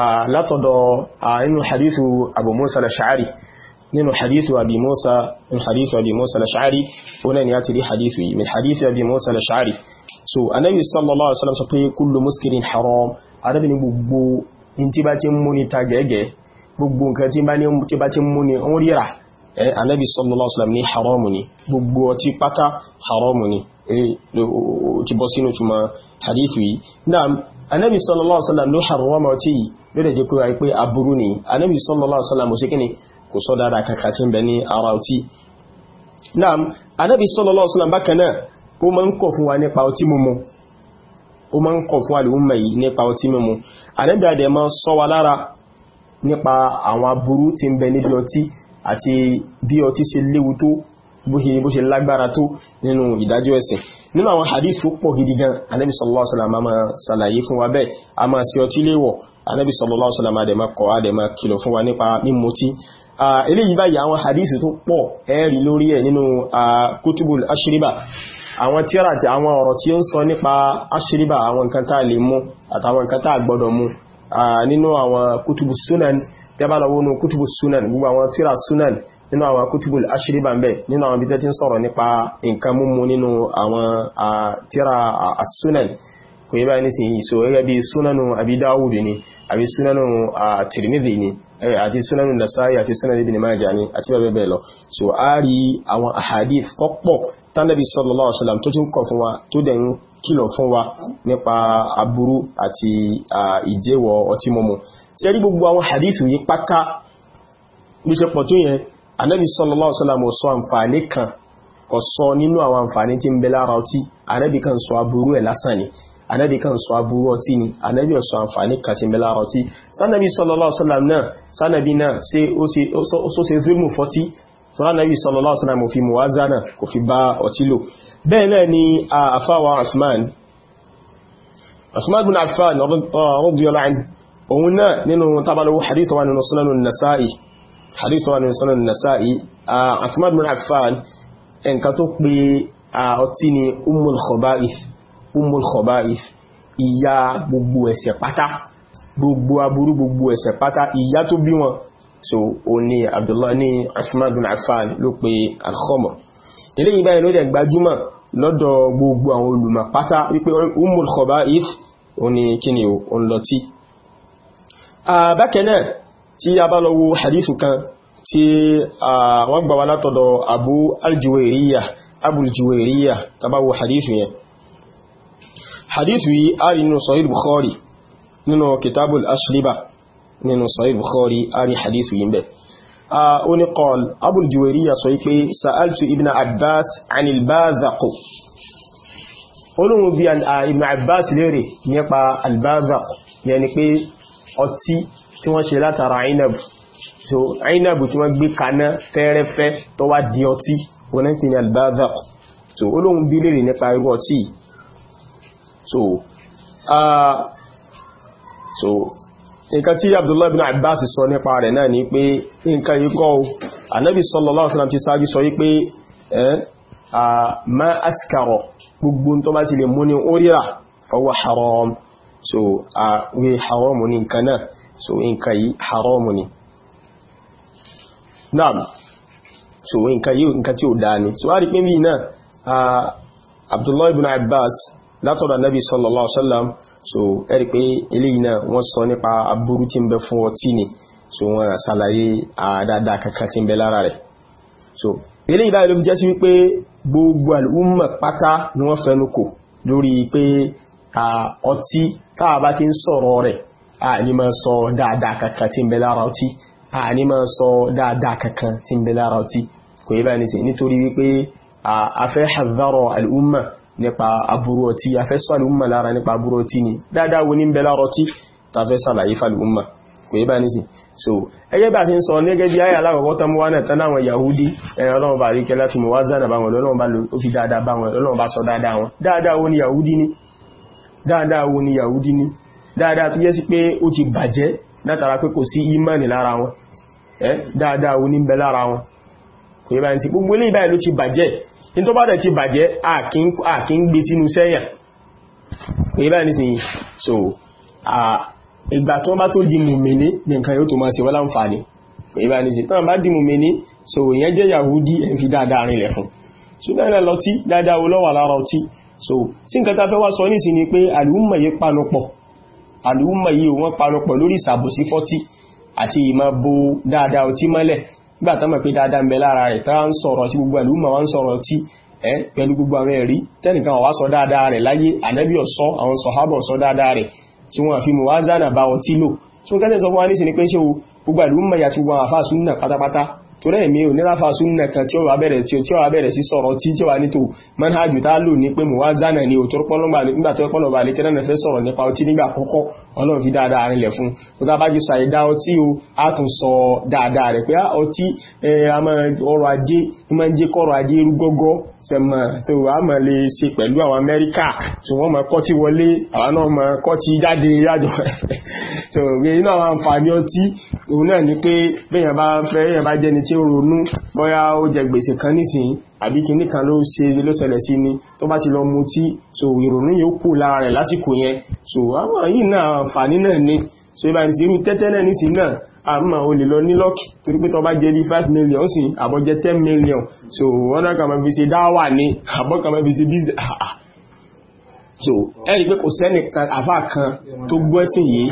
Ah, látọ̀dọ̀ inú ah, hadithu abu musa al-ash'ari nínú hadithu abi musa in hadithu abi musa al-ash'ari ona ni ati ri hadithu yi min hadithu abi musa al-ash'ari so anabi sallallahu alaihi wasallam sọ pé kullu muskirin haram anabi ni gbogbo in tí bá ti mú ta gẹ́gẹ́ gbogbo nǹkan tí bá ti mú ni ń anábì eh, sallallahu alaihi wasallam ní haramu ni gbogbo ọtí pátá haramu ni eh, ti bọ́ sínú túnmà hadithu yìí náà anábì sallallahu alaihi wasallam ló harama ọtí yìí ló dẹ̀ jẹ́ kó ráyí aburú ni anábì sallallahu alaihi wasallam ó sì kíni kò sọ dára kàkà sallallahu alaihi wasallam bákan náà ó máa ń kọ̀ fún wa nípa ọtí mímu ó máa ń kọ̀ fún àlùmọ̀ yìí ń bẹ níbi ọtí àti bí ọtí ṣe léwu tó bó ṣe lágbára tó nínú ìdájọ́ ẹ̀sìn nínú àwọn hadith tó pọ̀ gidi gan anábi sallallahu alaihi wasallam máa ṣàlàyé fún wa bẹ́ẹ̀ a máa ṣe ọtí léwọ̀ anábi sallallahu alaihi wasallam àdẹ̀má kọ̀ àdẹ̀má kìlọ̀ ashriba àwọn tíra àti àwọn ọ̀rọ̀ tí ó ń sọ nípa ashriba àwọn nǹkan tá lè mú àtàwọn nǹkan tá gbọ́dọ̀ mú nínú àwọn kutubu sunan tẹ́bàlá wọnú kútùbù sunan gbogbo àwọn tíra sunan nínú àwọn kútùbù ashiriba ń bẹ nínú àwọn bíjẹ́ tí ń sọ̀rọ̀ nípa nǹkan múmu nínú àwọn tíra sunan kò yí báyìí nísìn yìí so gẹ́gẹ́ bí sunanu abi dawud ni àbí sunanu tirmidhi ni àti sunanu nasa'i àti sunanu ibn majah ni àti bẹ́ẹ̀ bẹ́ẹ̀ lọ so a rí àwọn ahadith tọ́pọ̀ tánàbí sallallahu alaihi wasallam tó tún kọ̀ fún wa tó dẹ̀ ń kìlọ̀ fún wa nípa aburú àti ìjẹ́wọ̀ ọtí mọ́mọ́ ṣe rí gbogbo àwọn hadith yìí pátá bí ṣe pọ̀ tó yẹn anábi sallallahu alaihi wasallam sọ àǹfààní kan kò sọ nínú àwọn àǹfààní tí ń bẹ lára ọtí anábi kan sọ aburú ẹ̀ lásán ni anábi kan sọ aburú ọtí ni anábi sọ àǹfààní sọ́nàbí sallallahu alaihi wasallam fi muwazana kò fi bá ọtílò bẹ́ẹ̀ náà ni a àfáwà Usman Usman bin Affan radiyallahu anhu òun náà nínú tábàlówó hadith wa nínú sunan nasa'i hadith wa nínú sunan nasa'i a Usman bin Affan ẹnka tó pé a ọtí ni umul khaba'ith umul khaba'ith ìyá gbogbo ẹ̀ṣẹ̀ so o ní abdullahi ní Uthman bin Affan ló pe al-khamr eléyìí báyìí ló dẹ̀ gbajúmọ̀ lọ́dọ̀ gbogbo àwọn olùmọ̀ pátá wípé umul khaba'is o ní kíni o ń lọ tí bákẹ́nẹ̀ tí a bá lọ wo hadithu kan tí wọ́n gbà wá látọ̀dọ̀ abu al-Juwayriyah wo hadithu yẹn hadithu yìí a rí nínú Sahih Bukhari nínú kitabul ashriba nínú sahih bukhari ari hadithu yìí bẹ̀ ó ní qal abul juweriya sọ pé sa'altu ibn abbas anil bazaqu olóhun bí ibn abbas lérè nípa albazaq yẹni pé ọtí tí wọ́n ṣe látara inabu so inabu tí wọ́n gbé kaná fẹ́rẹ́fẹ́ tó wá di ọtí wọ́n ń pè ní so olóhun bí lérè nípa irú ọtí so uh, so nǹkan tí abdullahi bin abbas sọ nípa rẹ̀ náà ni pé nǹkan yìí kọ́ o anábi sallallahu alaihi wasallam ti sáájú sọ yí pé ma askarọ̀ gbogbo tó bá ti lè mú ní oríra fọwọ́ haram so a wé haram ní nǹkan náà so nǹkan yìí haram ni naam so nǹkan yìí nǹkan tí ó dáa ni so a rí pé bí náà abdullahi bin abbas látọ̀dọ̀ anábi sallallahu alaihi wasallam so ẹ̀rí pé eléyìí náà wọ́n sọ nípa aburú tí ń bẹ fún ọtí ni so wọ́n ṣàlàyé àdáadáa kankan tí ń bẹ lára rẹ̀ so eléyìí báyìí ló fi jẹ́ sí wípé gbogbo al'umma pátá ni wọ́n fẹnu kò lórí pé ọtí táà bá ti ń sọ̀rọ̀ rẹ̀ àní máa sọ dáadáa kankan tí ń bẹ lára ọtí a fẹ́ nípa aburú ọtí afẹ́ sàlùmà lára nípa aburú ọtí ni dáadáa wo ní ń bẹ lára ọtí tàfẹ́ sàlàyé fàlùmà kò yí bá ní sí so ẹgẹ́ bá fi ń sọ nígẹ́ bí ayé alákọ̀ọ́kọ́ tán wá dáadáa wo ni Yahudi ni ni Yahudi ni dáadáa tó yẹ imani lára wọn dáadáa wo ni ń bẹ lára wọn kò yí bá ní sí gbogbo eléyìí báyìí ló ti bàjẹ́ ní tó bá dẹ̀ ti bàjẹ́ àkí ń gbé sínú sẹ́yàn ìrẹ́ nísìnyí so ìgbà tó bá tó di mùmìnì ní nǹkan yóò tó máa ṣe wọ́n láǹfààní ìrẹ́ nísìnyí tó bá di mùmìnì so ìyẹn jẹ́ Yahudi ẹ̀ fi dáadáa rìn lẹ̀ fún so náà lọ tí dáadáa olówà lára ọtí so sí nǹkan tá fẹ́ wá sọ nísìn ni pé àlùmọ̀ yìí panupọ̀ àlùmọ̀ yìí wọ́n panupọ̀ lórí ìsàbòsí fọ́tí àti ìmọ̀ bo dáadáa ọtí mọ́lẹ̀ nígbà tán mọ̀ pé dáadáa ń bẹ lára rẹ̀ tán ń sọ̀rọ̀ sí gbogbo ẹ̀lú ma wá ń sọ̀rọ̀ tí ẹ pẹ̀lú gbogbo àwọn ẹ̀rí tẹ́nìkan wà sọ dáadáa rẹ̀ láyé ànábì ọ̀sọ́ àwọn sọ̀hábọ̀ sọ dáadáa rẹ̀ tí wọ́n fi mọ̀ yàtí torí ẹ̀mí ò níláfà súnnà kan tí ó wà bẹ̀rẹ̀ tí ó tí ó wà bẹ̀rẹ̀ sí sọ̀rọ̀ tí tí ó wà nítò manhajù tá lò ní pé mò wá zánà ní òtò pọ́lọ́gbà lè kẹ́rẹ́ fẹ́ o á tún sọ dáadáa rẹ̀ pé ah, ọtí eh, ọrọ̀ ajé ó sẹ́mọ̀ tí wà mọ̀ lè ṣe pẹ̀lú àwọn Amẹ́ríkà tí wọ́n mọ̀ kọ́ ti wọlé àwọn náà mọ̀ kọ́ ti jáde rájọ *laughs* so rí iná àwọn àǹfààní ọtí òun náà ni pé bẹ́yàn bá fẹ́ yàn bá jẹ́ni tí ó ronú bóyá ó jẹ gbèsè kan nísìnyí àbí kìíní kan ló ṣe ló ṣẹlẹ̀ sí ni tó bá ti lọ mu tí so ìrònú yóò kù lára rẹ̀ lásìkò yẹn so àwọn yìí náà àǹfààní náà ni so ìbá ìsirú tẹ́tẹ́ náà nísìnyí náà àmà o lè lọ ní lọ́kì torí pé tó bá jẹ́ di 5 million sí àbọ̀jẹ́ 10 million so wọ́n náà kàmà fi ṣe dáwà ní àbọ̀kàmà fi ṣe business so ẹni pé kò sẹ́ni àfá kan tó gbọ́ sí yìí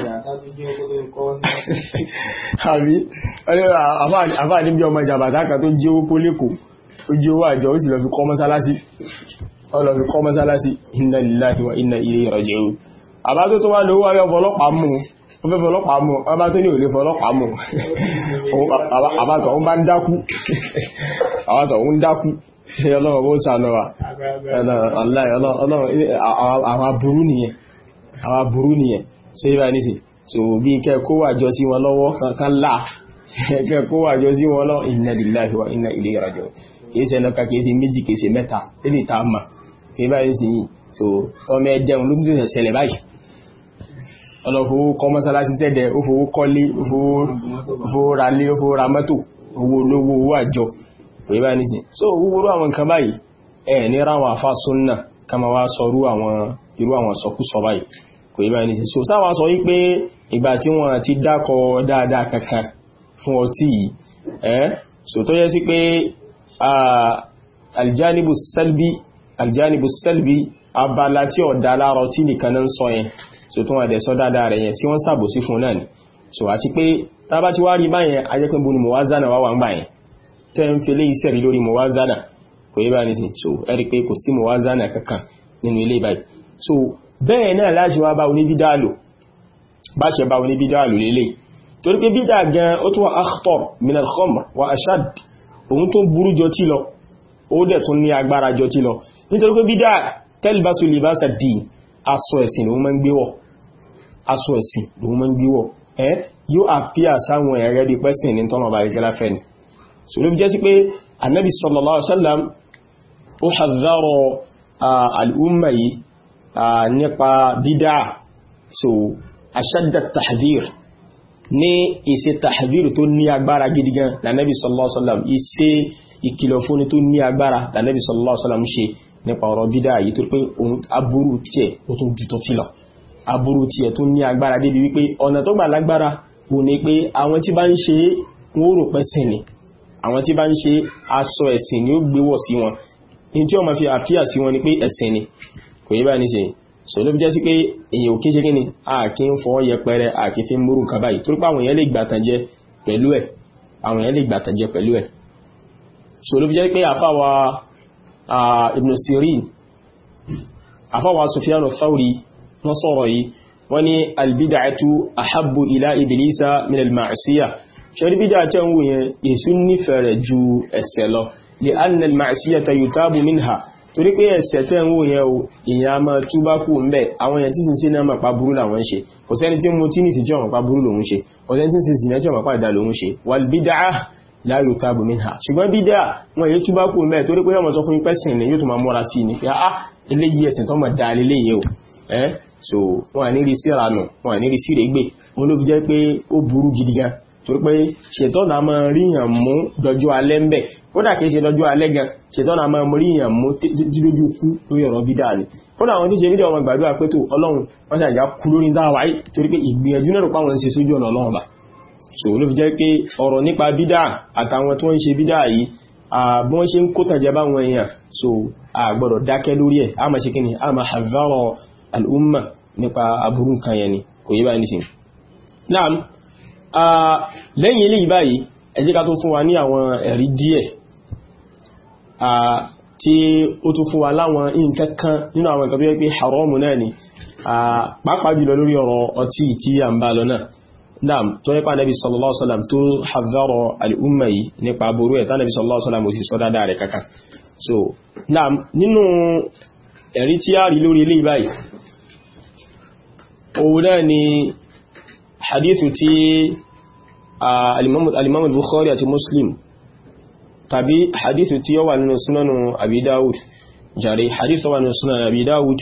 *laughs* àbí àfá níbi ọmọ jàbàtà kan tó jí owó kó lẹ́kọ̀ọ́ ó jí owó àjọ ó sì lọ fi kọ́ mọ́sálásí ó lọ fi kọ́ mọ́sálásí inna lillahi wa inna ilayhi raji'un àbá tó tó wá lówó ayọ́ fọlọ́pàá mú wọ́n fẹ́ fọlọ́pàá mú ọba tó ní òlé fọlọ́pàá mú àbátọ̀ ń bá ń dákú àbátọ̀ ń dákú ọlọ́run bó sànà wà àwọn burú nìyẹn àwọn burú nìyẹn so ibà ní sí so bí kẹ kó wà jọ sí wọn lọ́wọ́ kan láà kẹ kó wà jọ sí wọn lọ́wọ́ inna lillahi wa inna ilayhi raji'un kìí ṣe ẹnọ́ka kìí ṣe méjì kìí ṣe mẹ́ta tẹ́lẹ̀ tá a mà kìí bá ní sí yìí so tọ́mẹ́ jẹun ló ọlọ́fowó kọ́ mọ́sálásí sẹ́dẹ̀ ó fowó kọ́lé ó fowó ralé ó fowó ra mọ́tò owó olówó owó àjọ pẹ̀lú bá nìsìn so gbogbo àwọn nǹkan báyìí ẹ̀ ní ráwọn àfá súnnà kama wá sọ irú àwọn sọkúsọ báyìí pẹ̀lú bá nìsìn so sáwà sọ wípé ìgbà tí wọ́n ti dákọ dáadáa kankan fún ọtí so tó yẹ sí pé aljanibu salbi aljanibu salbi abala tí ọ̀dá lára ọtí nìkan so tó wọ́n dẹ̀ sọ dáadáa rẹ̀ yẹn sí wọ́n sàbò sí fún náà ni so àti pé tábá ti wá rí báyẹn ajẹ́pẹ́ bú ni mọ̀wázánà wá wà ń báyẹn tẹ́ ń fi léyìí sẹ́rí lórí mọ̀wázánà kò yé báyìí sí so ẹ̀rí pé kò sí mọ̀wázánà kankan nínú ilé báyìí so bẹ́ẹ̀ náà láti wá bá oníbídà lò bá ṣe bá oníbídà akhtar min al wa ashad òun tó burú jọ tí lọ ó dẹ̀ tún ní agbára jọ tí lọ ẹ̀sìn ló máa ń gbé wọ̀ aṣọ ẹ̀sìn lòun mọ́ ń gbíwọ̀ ẹ́ yóò àpíà sáwọn ẹ̀rẹ́ di pẹ́sìn ní tọ́nà ọba ìjẹ́lá fẹ́ ni so ló fi jẹ́ sí pé anábì sallallahu alaihi wasallam ó ṣàzárọ̀ al'umma yìí nípa bídá so aṣadda tahdhir ní ìṣe tahdhir tó ní agbára gidi gan lànàbì sallallahu alaihi wasallam ìṣe ìkìlọ̀ fún tó ní agbára lànàbì aburú tiẹ̀ tó ní agbára débi wípé ọ̀nà tó gbà lágbára kò ní pé àwọn tí bá ń ṣe wọ́n rò pẹ́sìn ni àwọn tí bá ń ṣe aṣọ ẹ̀sìn ni ó gbéwọ̀ sí wọn ní tí wọ́n máa fi àpíà sí wọn ni pé ẹ̀sìn ni kò yí báyìí níṣe so ló fi jẹ́ sí pé èyàn ò kí ṣe kíni àkí ń fọwọ́ yẹpẹrẹ àkí fi ń múrù nǹkan báyìí torí pé àwọn èèyàn lè gbàtànjẹ pẹ̀lú ẹ̀ àwọn èèyàn lè gbàtànjẹ pẹ̀lú ẹ̀ so ló fi jẹ́ pé àfáwa Ibn Sirin àfáwa Sufyan Thawri wọ́n sọ̀rọ̀ yìí wọ́n ní albida'atu ahabbu ila iblisa min al-ma'siyah ṣẹ́rí bídá tẹ́ ń wòyẹn èsù nífẹ̀ẹ́ rẹ̀ ju ẹ̀ṣẹ̀ lọ li anna al-ma'siyata yutabu minha torí pé ẹ̀ṣẹ̀ tẹ́ ń wòyẹn o ìyá ma túbá kú ń bẹ̀ àwọn èèyàn sin sí náà màpá burú làwọn ṣe kò sẹ́ni tí mo tí ní ìsìnjọ́ màpá burú lòun ṣe kò sẹ́ni tí sin ìsìnjọ́ màpá ìdá lòun ṣe wal bid'ah la yutabu minha ṣùgbọ́n bídá wọn èyí túbá kú ń bẹ̀ torí pé yọmọ sọ fún pẹ́sìn ni yóò tún máa mọ́ra sí ni pé ah eléyìí ẹ̀sìn tó mọ̀ dáa lélẹ́yìí o so wọ́n ní rí sí ìranù wọ́n ní rí sí ìrégbè wọ́n ló fi jẹ́ pé ó burú gidi gan torí pé ṣètọ́nà máa ríyàn mú dọjọ́ alẹ́ ń bẹ̀ kódà kìí ṣe lọ́jọ́ alẹ́ gan ṣètọ́nà máa mú ríyàn mú dídójú kú lórí ọ̀rọ̀ bídà ni kódà àwọn tí ṣe bídà ọmọ gbàdúrà pé tó ọlọ́run wọ́n ṣàjá kú lórí dáwà yìí torí pé ìgbìyànjú náà pàwọn ń ṣe sójú ọ̀nà ọlọ́run bá so ló fi jẹ́ pé ọ̀rọ̀ nípa bídà àtàwọn tó ń ṣe bídà yìí bí wọ́n ṣe ń kó tàjẹ́ báwọn èèyàn so a gbọ́dọ̀ dákẹ́ lórí ẹ̀ a máa ṣe kí ni a máa al'umma nípa aburú nǹkan yẹn ni kò yí báyìí nìsìn náà lẹ́yìn ilé ìbáyìí ẹ jẹ́ ká tó fún wa ní àwọn ẹ̀rí díẹ̀ tí ó tó fún wa láwọn nǹkan kan nínú àwọn ìkàtọ́ yẹ́ pé haramu náà ni pàápàá jùlọ lórí ọ̀rọ̀ ọtí tí a ń bá lọ náà naam tó nípa nabi sallallahu alaihi wasallam òun náà ni hadithu tí alimamud bukhari àti muslim tàbí hadithu tí ó wà nínú sunanu abi dawud jàre hadithu tó wà nínú sunanu abi dawud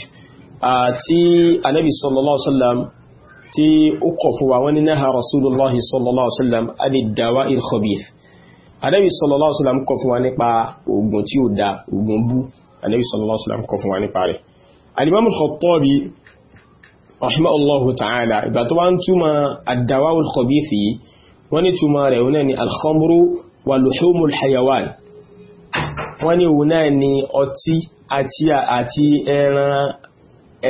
àti anabi sallallahu alaihi wasallam tí ó kọ̀ fún wa wani náà rasulullahi sallallahu alaihi wasallam ani dawa'il khabith anabi sallallahu alaihi wasallam kọ̀ fún wa nípa oògùn tí rahimahullahu ta'ala ìgbà tó wá ń túmọ̀ ad-dawa'ul khabisi wọ́n ní túmọ̀ rẹ̀ wọ́n ní al-khamru wa luhumul hayawan wọ́n ní wọ́n náà ni ọtí àti àti ẹran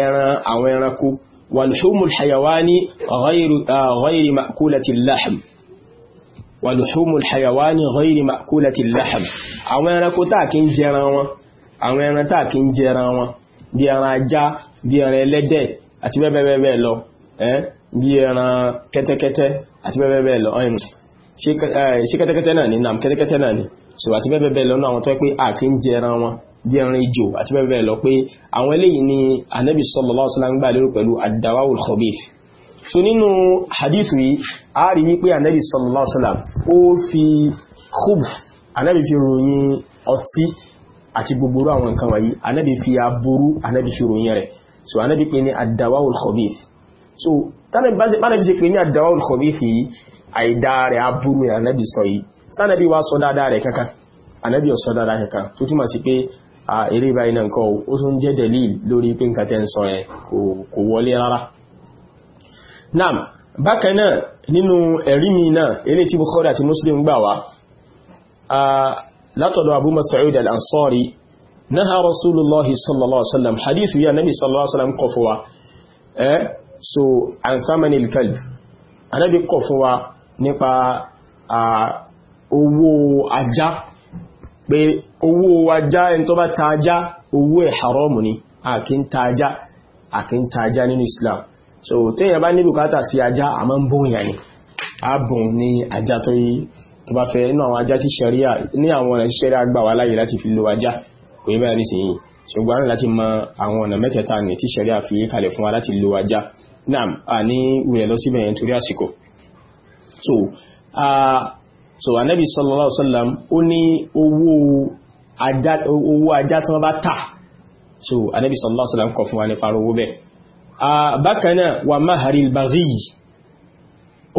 ẹran àwọn ẹranko wa luhumul hayawani ghayri ma'kulati al-lahm àwọn ẹranko táà jẹran wọn bí ẹran ajá bí ẹran ẹlẹ́dẹ̀ àti bẹ́ẹ̀bẹ́ẹ̀ lọ bí ẹran kẹ́tẹ́kẹ́tẹ́ àti bẹ́ẹ̀bẹ́ẹ̀ lọ ṣe kẹ́tẹ́kẹ́tẹ́ náà ni nam kẹ́tẹ́kẹ́tẹ́ náà ni so àti bẹ́ẹ̀bẹ́ẹ̀ lọ náà àwọn tó pé àkí ń jẹ ẹran wọn bí ẹran ejò àti bẹ́ẹ̀bẹ́ẹ̀ lọ pé àwọn eléyìí ni anabi sallallahu alaihi wasallam gbà lérò pẹ̀lú ad-dawa'ul khabith so nínú hadithu yìí a rí gbogbo àwọn nǹkan wọ̀nyí anabi fi aburú anabi fi ròyìn rẹ̀ so anábi pè ní àdáwáwòl khabith so tánàbí ṣe pè ní àdáwáwòl khabith yìí àìdá rẹ̀ aburú rẹ̀ anábi sọ yìí sánàbí wá sọ dáadáa rẹ̀ kankan anábi ò sọ dáadáa kankan tó túmọ̀ sí pé a eré báyìí náà kọ́ ó tún jẹ́ dalil lórí pé nǹkan tẹ́ ń sọ ẹ̀ kò wọlé rárá naam bákan náà nínú mi náà eléyìí tí Bukhari àti Muslim gbà wá látọ̀dọ̀ Abu Mas'ud al-Ansari náà rasulullahi sallallahu alaihi wasallam hadithu ya nabi sallallahu alaihi wasallam kọ̀ fún wa eh so an thamani al-kalb anabi kọ̀ fún wa nípa owó ajá pé owó ajá ẹni tó bá ta ajá owó ẹ̀ haramu ni a kì ń ta a kì ń ta nínú islam so téèyàn bá ní bùkátà sí ajá a máa ń bóun yà ni a bùn ní ajá tó yí tó bá fẹ́ inú àwọn ajá tí ṣẹ̀ríà ní àwọn ọ̀nà ṣẹ̀ríà gbà wá láyé láti fi lo ajá kò yí báyìí nísìnyí ṣùgbọ́n àrùn láti mọ àwọn ọ̀nà mẹ́tẹ̀ẹ̀ta ní tí ṣẹ̀rí àfihàn kalẹ̀ fún wa láti lo ajá náà a ní wulẹ̀ lọ síbẹ̀ yẹn torí àsìkò so uh, so anabi sallallahu alaihi wasallam ó ní owó ajá tí wọ́n bá tà so anabi sallallahu alaihi wasallam kọ̀ fún wa nípa owó bẹ́ẹ̀ bákan náà wà maharil baghi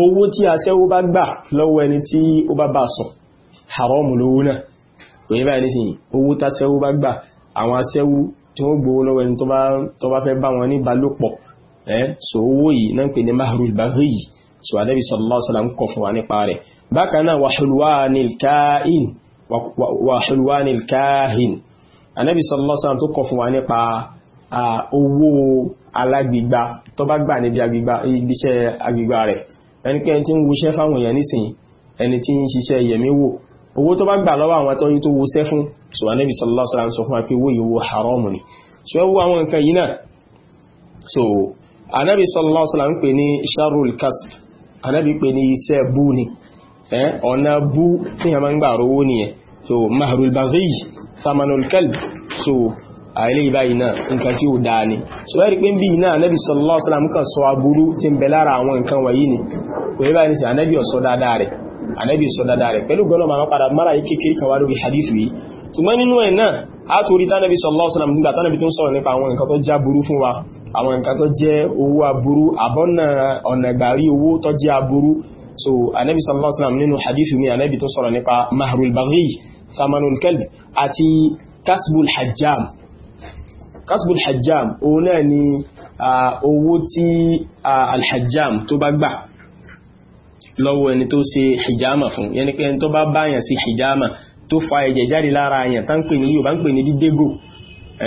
owó tí aṣẹ́wó bá gbà lọ́wọ́ ẹni tí ó bá bá sọ haram lówó náà òye báyìí nísìnyí owó táṣẹ́wó bá gbà àwọn aṣẹ́wó tí wọ́n gbowó lọ́wọ́ ẹni tó bá fẹ́ bá wọn ní balòpọ̀ ẹ́ so owó yìí náà pè ní mahrul baghi so Ànábì sallallahu alaihi wasallam ń kọ̀ fún wa nípa rẹ̀ bákan náà wa hulwanil wa hulwanil kahin Ànábì sallallahu alaihi wasallam tó kọ̀ fún wa nípa owó alágbègbà tó bá gbà níbi ibiṣẹ́ agbègbà rẹ̀ ẹni pé ẹni tí ń wuṣẹ́ fáwọn èèyàn nísìnyí ẹni tí ń ṣiṣẹ́ yẹ̀mí wò owó tó bá gbà lọ́wọ́ àwọn tó yí tó wúṣẹ́ fún so anẹ́bí sallallahu alaihi wasallam sọ fún wa pé owó so ẹwọ́ àwọn nǹkan so anẹ́bí sallallahu alaihi wasallam ń pè ní sharul kasb anẹ́bí pè ní iṣẹ́ bú ni ọ̀nà bú tí a so mahrul baghi samanul kalb so àìlè ìbáyìí náà nǹkan tí so ẹ́rì pé ń bí iná anẹ́bí sallallahu alaihi wasallam kan sọ aburú tí ń bẹ lára ànábì sọ dáadáa rẹ̀ pẹ̀lú gọ́nà ma padà mara yí kékeré kan wá lórí hadith yìí ṣùgbọ́n nínú ẹ̀ náà a tó rí tánàbí sallallahu alaihi wasallam nígbà tánàbí tó ń sọ̀rọ̀ nípa àwọn nǹkan tó já burú fún wa so ànábì sallallahu alaihi wasallam nínú hadith mi ànábì tó sọ̀rọ̀ nípa mahrul baghi samanul kalb àti kasbul hajjam kasbul hajjam òun náà ni owó tí alhajjam tó bá gbà lọ́wọ́ ẹni tó ṣe hijama fún yẹni pé ẹni tó bá báyàn sí hijama tó fa ẹ̀jẹ̀ jáde lára àyàn tá ń pè ní Yorùbá ń pè ní dídégò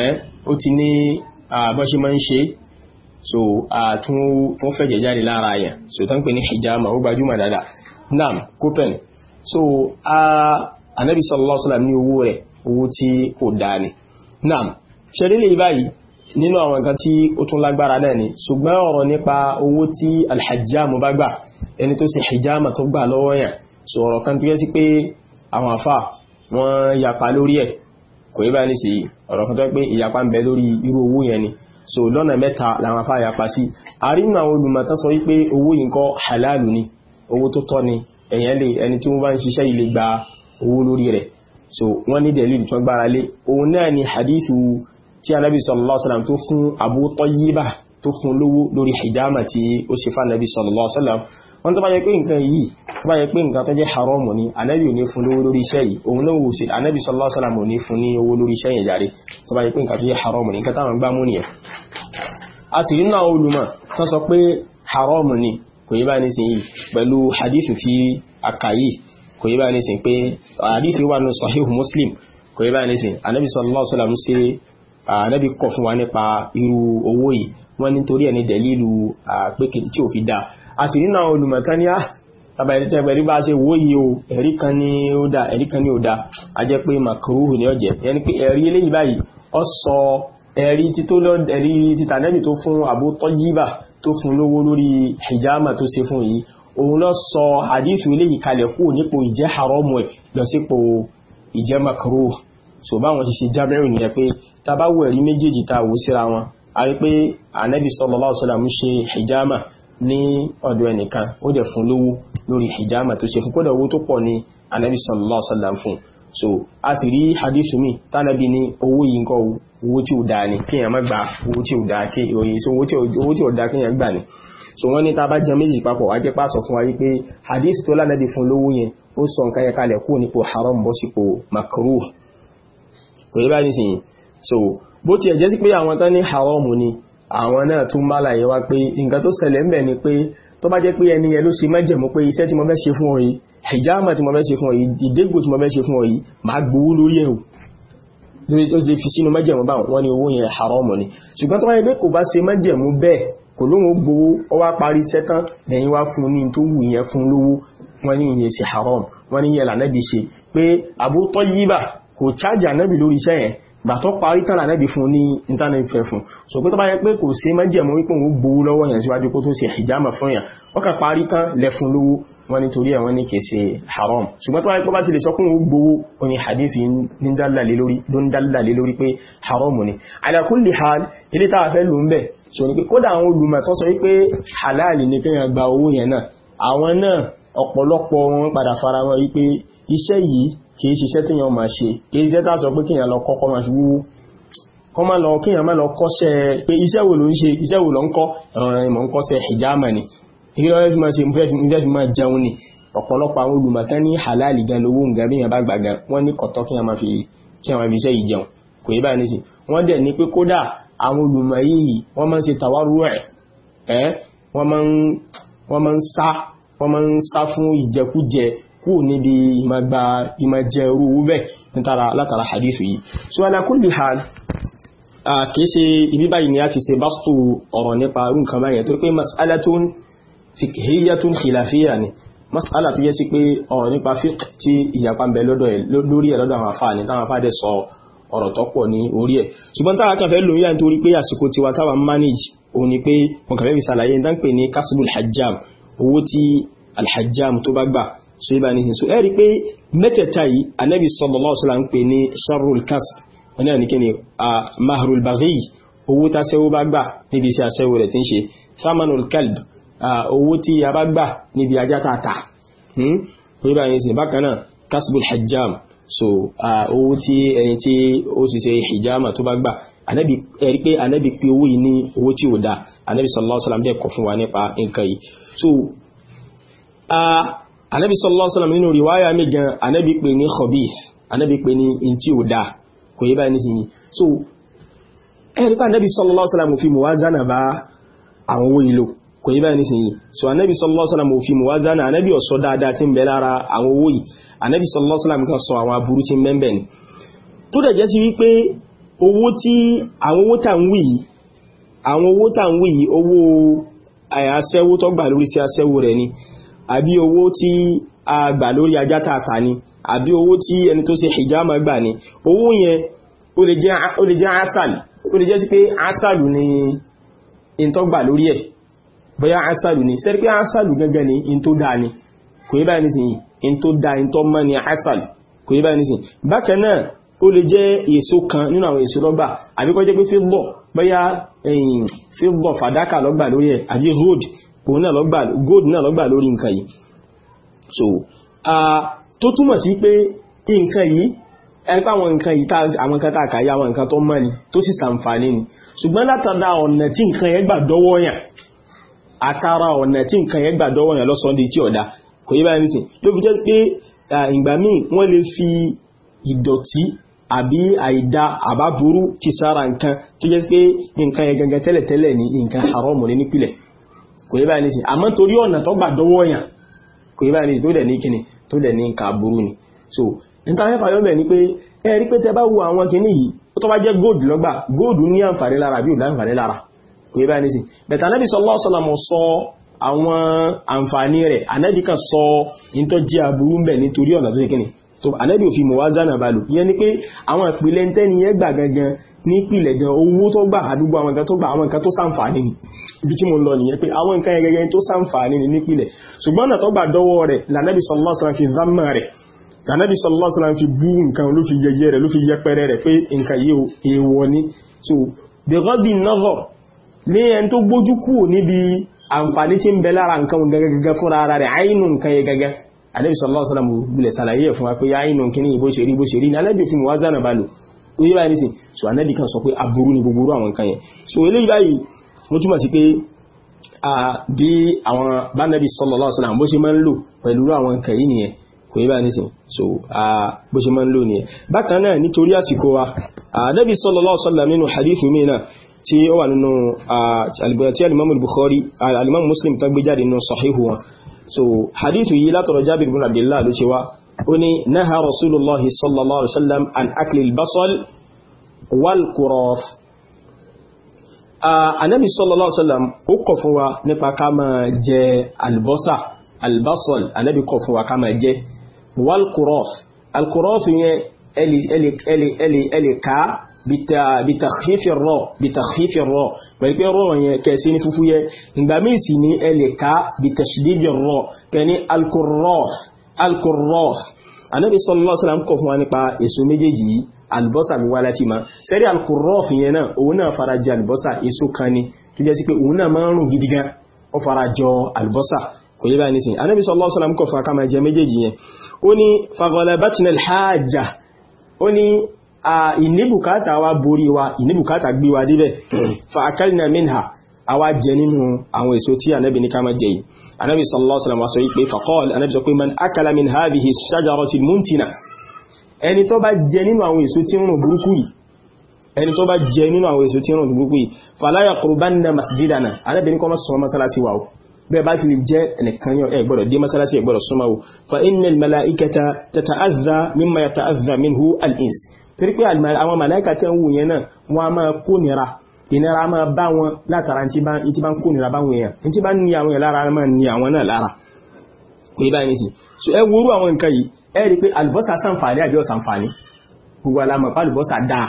ẹ́ ó ti ní àbọ́ṣe máa ń ṣe so àtún fẹ̀jẹ̀ jáde lára àyàn so tá ń pè ní hijama ó gbajúmọ̀ dáadáa nam copen so a sallallahu alaihi wasallam ní owó rẹ̀ owó tí kò dáa ni nam ṣe nínú àwọn nǹkan tí ó tún lágbára náà ni ṣùgbọ́n ọ̀rọ̀ nípa owó tí alhajjamu bá gbà ẹni tó sì hijama tó gbà lọ́wọ́ yàn so ọ̀rọ̀ kan tó yẹ sí pé àwọn àfà wọ́n yapa lórí ẹ̀ kò yí bá ní sí ọ̀rọ̀ kan tó yẹ pé ìyapa ń bẹ lórí irú owó yẹn ni so lọ́nà mẹ́ta làwọn àfà yapa sí àrínú àwọn olùmọ̀tán sọ wípé owó yìí kọ́ halalu ni owó tó tọ́ ni èèyàn lè ẹni tí wọ́n bá ń ṣiṣẹ́ ilé gba owó lórí rẹ̀ so wọ́n ní dẹ̀lú ìtọ́gbára lé òun náà ni hadithu tí anábi sallallahu alaihi wasallam tó fún Abu Tayyiba tó fún lówó lórí hijama tí ó ṣe fún anábi sallallahu alaihi wasallam wọ́n tó bá yẹ pé nǹkan yìí tó bá yẹ pé nǹkan tó jẹ́ haramu ni anábi ò ní fún lówó lórí iṣẹ́ yìí òun náà wò sí anábi sallallahu alaihi wasallam ò ní fún ní owó lórí iṣẹ́ yẹn jàre tó bá yẹ pé nǹkan tó jẹ́ haramu ni nǹkan táwọn gbá mú nìyẹn a sì nínú àwọn olùmọ̀ tó sọ pé kò yí bá ní sin yìí pẹ̀lú hadithu fi àkàyí kò yí bá ní sin pé hadithu wà ní sahih muslim kò yí bá ní sin anábi sallallahu alaihi wasallam ànábì kọ̀ fún wa nípa irú owó yìí wọ́n ní torí ẹni dẹ̀lílù pékin tí ò fi dá a sì nínú àwọn olùmọ̀kánníà ah, tàbẹ̀rí bá ṣe wó yìí o ẹ̀rí kan ní ó dá ẹ̀rí ni ó jẹ́ ẹni pé ẹ̀rí eléyìí báyìí ó sọ ẹ̀rí Abu Tayyiba tó fún lówó hijama tó ṣe fún yìí òun lọ sọ hadithu eléyìí kalẹ̀ kú nípò ìjẹ́ haramu ẹ̀ lọ sípò ìjẹ́ makaruhu so báwọn ṣe ṣe jábẹ́rù nìyẹn pé ta bá wò ẹ̀rí méjèèjì ta wò síra wọn a rí pé ànábì sallallahu hijama ní ọ̀dọ̀ ẹnìkan ó dẹ̀ hijama tó ṣe fún kódà owó tó pọ̀ ní ànábì so a sì rí hadith mi tánàbí ní owó yìí nǹkan owó tí ò so owó tí ò dáa kéèyàn so wọ́n ní tá bá jẹ méjì papọ̀ wá jẹ́ pàṣọ fún wa yí pé hadith tó lánàbí fún haram bọ́ sípò makruh kò yẹ bá ní sìn so bó ti ẹ̀jẹ́ sí pé àwọn tán ní haramu ni àwọn náà tún bá láyé wá pé nǹkan tó ṣẹlẹ̀ ń bẹ̀ ni pé tó bá jẹ́ pé ẹni yẹn ló ṣe májẹ̀mú pé iṣẹ́ tí mo fẹ́ ṣe fún ọ yìí hijama tí mo fẹ́ ṣe fún ọ ìdégò tí mo fẹ́ ṣe fún ọ yìí máa gbowó lórí ẹ̀rù lórí tó lè fi sínú májẹ̀mú bá wọn ni owó yẹn haramu ni ṣùgbọ́n tó bá yẹ pé kò bá ṣe májẹ̀mú bẹ́ẹ̀ kò lóhun gbowó ọ wá parí iṣẹ́ tán lẹ́yìn wá fún ní tó wù yẹn fún lówó wọ́n ní ìyẹn ṣe haram wọ́n ní yẹn lànà ṣe pé Abu Tayyiba kò chájì ànábì lórí iṣẹ́ yẹn gbàtọ́ parí tán ànábì fún ní ìntánẹ̀tì fẹ́ fún so pé tó bá yẹ pé kò sí mẹ́jẹ̀mú wípé òun gbowó lọ́wọ́ yẹn síwájú kó tó ṣe hijama fún yẹn ó kà parí tán lẹ́fun lówó wọ́n ní torí àwọn ní kìí ṣe haram ṣùgbọ́n tó wáyé pọ́ bá ti lè sọ kún gbówó oní hadithi ní dálàlé lórí ló ń dálàlé lórí pé haram ni ala kulli hal ilé tàà fẹ́ lò ń bẹ̀ so ní pé kódà àwọn olùmọ̀ tó sọ wípé halal ní kíyàn gba owó yẹn náà àwọn náà ọ̀pọ̀lọpọ̀ wọn padà fara wọn wípé iṣẹ́ yìí kìí ṣiṣẹ́ tí yàn máa ṣe kìí ṣiṣẹ́ tá sọ pé kíyàn lọ kọ́kọ́ máa fi wúwú kọ́ máa lọ kíyàn máa lọ kọ́ṣẹ́ pé iṣẹ́ wo ló ń ṣe iṣẹ́ wo lọ ń kọ́ ẹ̀rọ̀rẹ̀ ìmọ̀ ń kọ́ṣẹ́ hijama ni kí lọ́wọ́ fi máa halali gan lówó nǹkan bí yàn bá gbà gan wọ́n ní kọ̀tọ́ kíyàn máa fi iṣẹ́ yìí jẹun kò yé báyìí wọ́n máa ń sá fún ìjẹkújẹ kú níbi ìmọ̀gbà ìmọ̀jẹ̀rú wúbẹ̀ nítara látara hadith yìí so ala kulli hal kìí ṣe ibi báyìí ni a ti ṣe bastu ọ̀rọ̀ nípa rú nǹkan báyìí tó pé mas'alatun fikhiyatun ni mas'ala tó yẹ sí pé ọ̀rọ̀ nípa fiqh tí ìyapa ń bẹ lórí ẹ̀ lọ́dọ̀ àwọn afáà ní táwọn afáà dẹ̀ sọ ọ̀rọ̀ manage òun ni pé wọn kàn fẹ́ fi ṣàlàyé ní dáńpẹ̀ ní alhajjam tó bá gbà so ibà ní so ẹ́rí pé mẹ́tẹ̀ẹ̀ta yìí anẹ́bí sallallahu alaihi wasallam ń pè ní sharrul kasb wọn náà ní kí ni mahrul baghi owó tásẹ́wó bá gbà níbi iṣẹ́ aṣẹ́wó rẹ̀ tí ń ṣe thamanul kalb owó tí a bá gbà níbi ajá tààtà ibà ní sin bákan náà kasbul hajjam so owó tí ẹni tí ó sì ṣe hijama tó bá gbà anẹ́bí ẹ̀rí pé anẹ́bí pé owó yìí ní owó tí ò da anẹ́bí sallallahu alaihi wasallam kọ̀ fún wa nípa nǹkan yìí anabi sallallahu alaihi wasallam nínú riwaya mi gan anabi pè ní khabith anabi pè ní inti o da kò yí báyìí nísìnyí so ẹ̀rí pa anabi sallallahu alaihi wasallam fi muwazana bá àwọn owó ìlò kò yí báyìí nísìnyí so anabi sallallahu alaihi wasallam fi muwazana anabi ó sọ dáadáa sallallahu alaihi wasallam kan sọ àwọn aburú tí ń bẹ́ẹ̀ ni tó dẹ̀ jẹ́ sí wípé owó tí àwọn owó tà ń wí yìí àwọn owó tà àbí owó tí a gbà lórí ajá tààtà ni àbí owó tí ẹni tó hijama gbà ni owó yẹn ó lè jẹ́ asal ó lè jẹ́ sí pé asalu ni lórí ẹ̀ ni sẹ́rí pé gẹ́gẹ́ ni in dáa ni kò yí báyìí nísìnyí in dáa in mọ́ ni asalu kò yí báyìí kan nínú àwọn èso lọ́gbà àbí kó jẹ́ pé fíbọ̀ bóyá fíbọ̀ fàdákà lọ́gbà lórí road òun náà lọ́gbà gold náà lọ́gbà lórí nǹkan yìí so tó túmọ̀ sí pé nǹkan yìí ẹgbẹ́ àwọn nǹkan yìí àwọn nǹkan tàkàyà àwọn nǹkan tó mọ́ ni tó sì sàǹfààní ni ṣùgbọ́n látara ọ̀nà tí nǹkan yẹn gbà dọ́wọ́ yàn àtara ọ̀nà tí nǹkan yẹn gbà dọ́wọ́ yàn lọ́sàn di tí ọ̀dá kò yí báyìí nísìn ló fi jẹ́ pé ìgbà míì wọ́n lè fi ìdọ̀tí àbí àìdá àbábúrú ti sára nǹkan tó jẹ́ pé nǹkan yẹn gangan tẹ́lẹ̀tẹ́lẹ̀ ni nǹkan haram ní nípìlẹ̀ kò yẹ báyìí nísìn àmọ́ torí ọ̀nà tó gbà dọ́wọ́ yàn kò yẹ báyìí nísìn tó dẹ̀ ní kíni tó dẹ̀ ní nǹkan aburú ni so níta mẹ́fà yọ́ bẹ̀ ni pé ẹ rí pé tẹ bá wo àwọn kíní yìí ó tó bá jẹ́ góòdù lọ́gbà góòdù ní àǹfààní lára bí ò láǹfààní lára kò yẹ báyìí nísìn bẹ̀tà anábì sallallahu alaihi wasallam sọ àwọn àǹfààní rẹ̀ anábì kan sọ nítọ́ jẹ́ aburú ń bẹ̀ nítorí ọ̀nà tó ṣe kíni tó anábì ò fi muwazana balu ìyẹn ni pé àwọn ìpìlẹ̀ ń tẹ́ni yẹn gbà gangan ní ìpìlẹ̀ gan owó tó gbà àdúgbò àwọn nǹkan tó gbà àwọn nǹkan tó sàǹfààní ni ibi tí mo lọ nìyẹn pé àwọn nǹkan ẹgẹgẹ tó ṣàǹfààní ní nípìnlẹ̀ ṣùgbọ́n náà tó gbà dọ́wọ́ rẹ̀ lànàbí sallallahu alaihi wasallam fi dhamma rẹ̀ lànàbí sallallahu alaihi wasallam fi bú nǹkan ló fi yẹyẹ rẹ̀ ló fi yẹpẹrẹ rẹ̀ pé nǹkan yìí èèwọ̀ ni so bighaddi nazar ní ẹn tó gbójú kúrò níbi àǹfààní tí ń bẹ lára nǹkan gẹ́gẹ́gẹ́ fúnra ara rẹ̀ àínú nǹkan yẹ gẹ́gẹ́ Ànábì so Ànábì kan sọ pé aburú ni gbogbo àwọn nǹkan yẹn so eléyìí báyìí ló túmọ̀ sí pé bí àwọn bánẹ́bí sallallahu alaihi wasallam bó ṣe máa ń lò pẹ̀lú àwọn nǹkan yìí nìyẹn kò yíba nísìn so bó ṣe máa ń lò nìyẹn bákan náà nítorí àsìkò wa Ànábì sallallahu alaihi wasallam nínú hadith mi náà tí ó wà nínú àlìbẹ̀rẹ̀ tí alimami Bukhari alimami Muslim tó gbé jáde nínú sahihu wọn so hadith yìí látọ̀rọ̀ Jabir bin Abdullah ló ṣe wá ó ní naha Rasulullahi sallallahu alaihi wasallam an akli al-basal wal quraf anabi sallallahu alaihi wasallam ó kọ̀ fún wa nípa ká máa jẹ albọ́sà albasol anabi kọ̀ fún wa ká máa jẹ walkurof alkurof yẹn ẹlì ká bitakhifir rọ bitakhifir rọ pẹ̀lú pé rọ yẹn kẹsí ní fúfú yẹ ìgbà míì sì ní ẹlì ká bitashdidi rọ kẹ ní alkurof alkurof anabi sallallahu alaihi wasallam kọ̀ fún wa nípa èso méjèèjì yìí àlùbọ́sà mi wá láti máa sẹ́rí alkùrọ́ọ̀fì yẹn náà òun náà fara jẹ àlùbọ́sà èso kan ni tó jẹ́ sí pé òun náà máa ń rùn gidi gan ó fara jọ àlùbọ́sà kò yẹ báyìí nísìn anábì sallallahu alaihi wasallam kọ̀ fún akáma jẹ méjèèjì yẹn ó ní faghalabatna alhaja ó ní ìníbùkátà wa borí wa ìníbùkátà gbé wa débẹ̀ *clears throat* fa akalna minha àwa jẹ nínú àwọn èso tí anábì ní ká máa jẹ yìí anábì sallallahu alaihi wasallam sọ yìí pé faqala anábì sọ pé man akala min hadhihi shajarati muntina ẹni tó bá jẹ nínú àwọn èso tí ń rùn burúkú yìí ẹni tó bá jẹ nínú àwọn èso tí ń rùn burúkú yìí fala yaqrubanna masjidana arábìnrin kọ́ mọ́ sọ mọ́sálásí wa o bẹ́ẹ̀ bá ti lè jẹ́ ẹnìkan yọ ẹ gbọ́dọ̀ dé mọ́sálásí ẹ gbọ́dọ̀ súnmọ́ o fa innal malaikata tata'azza mimma yata'azza minhu al-ins torí pé àwọn màláìkà tẹ́ ń wù yẹn náà wọ́n a máa kó nira ìnira máa bá wọn látara tí bá ń kó nira báwọn èèyàn tí bá ń ní àwọn èèyàn lára máa ní àwọn náà lára kò ní báyìí nìsín so ẹ worú àwọn nǹkan yìí ẹ̀rí pé àlùbọ́sà sàǹfààní àbí ọ̀sàǹfààní gbogbo alamọ̀ pa àlùbọ́sà dáa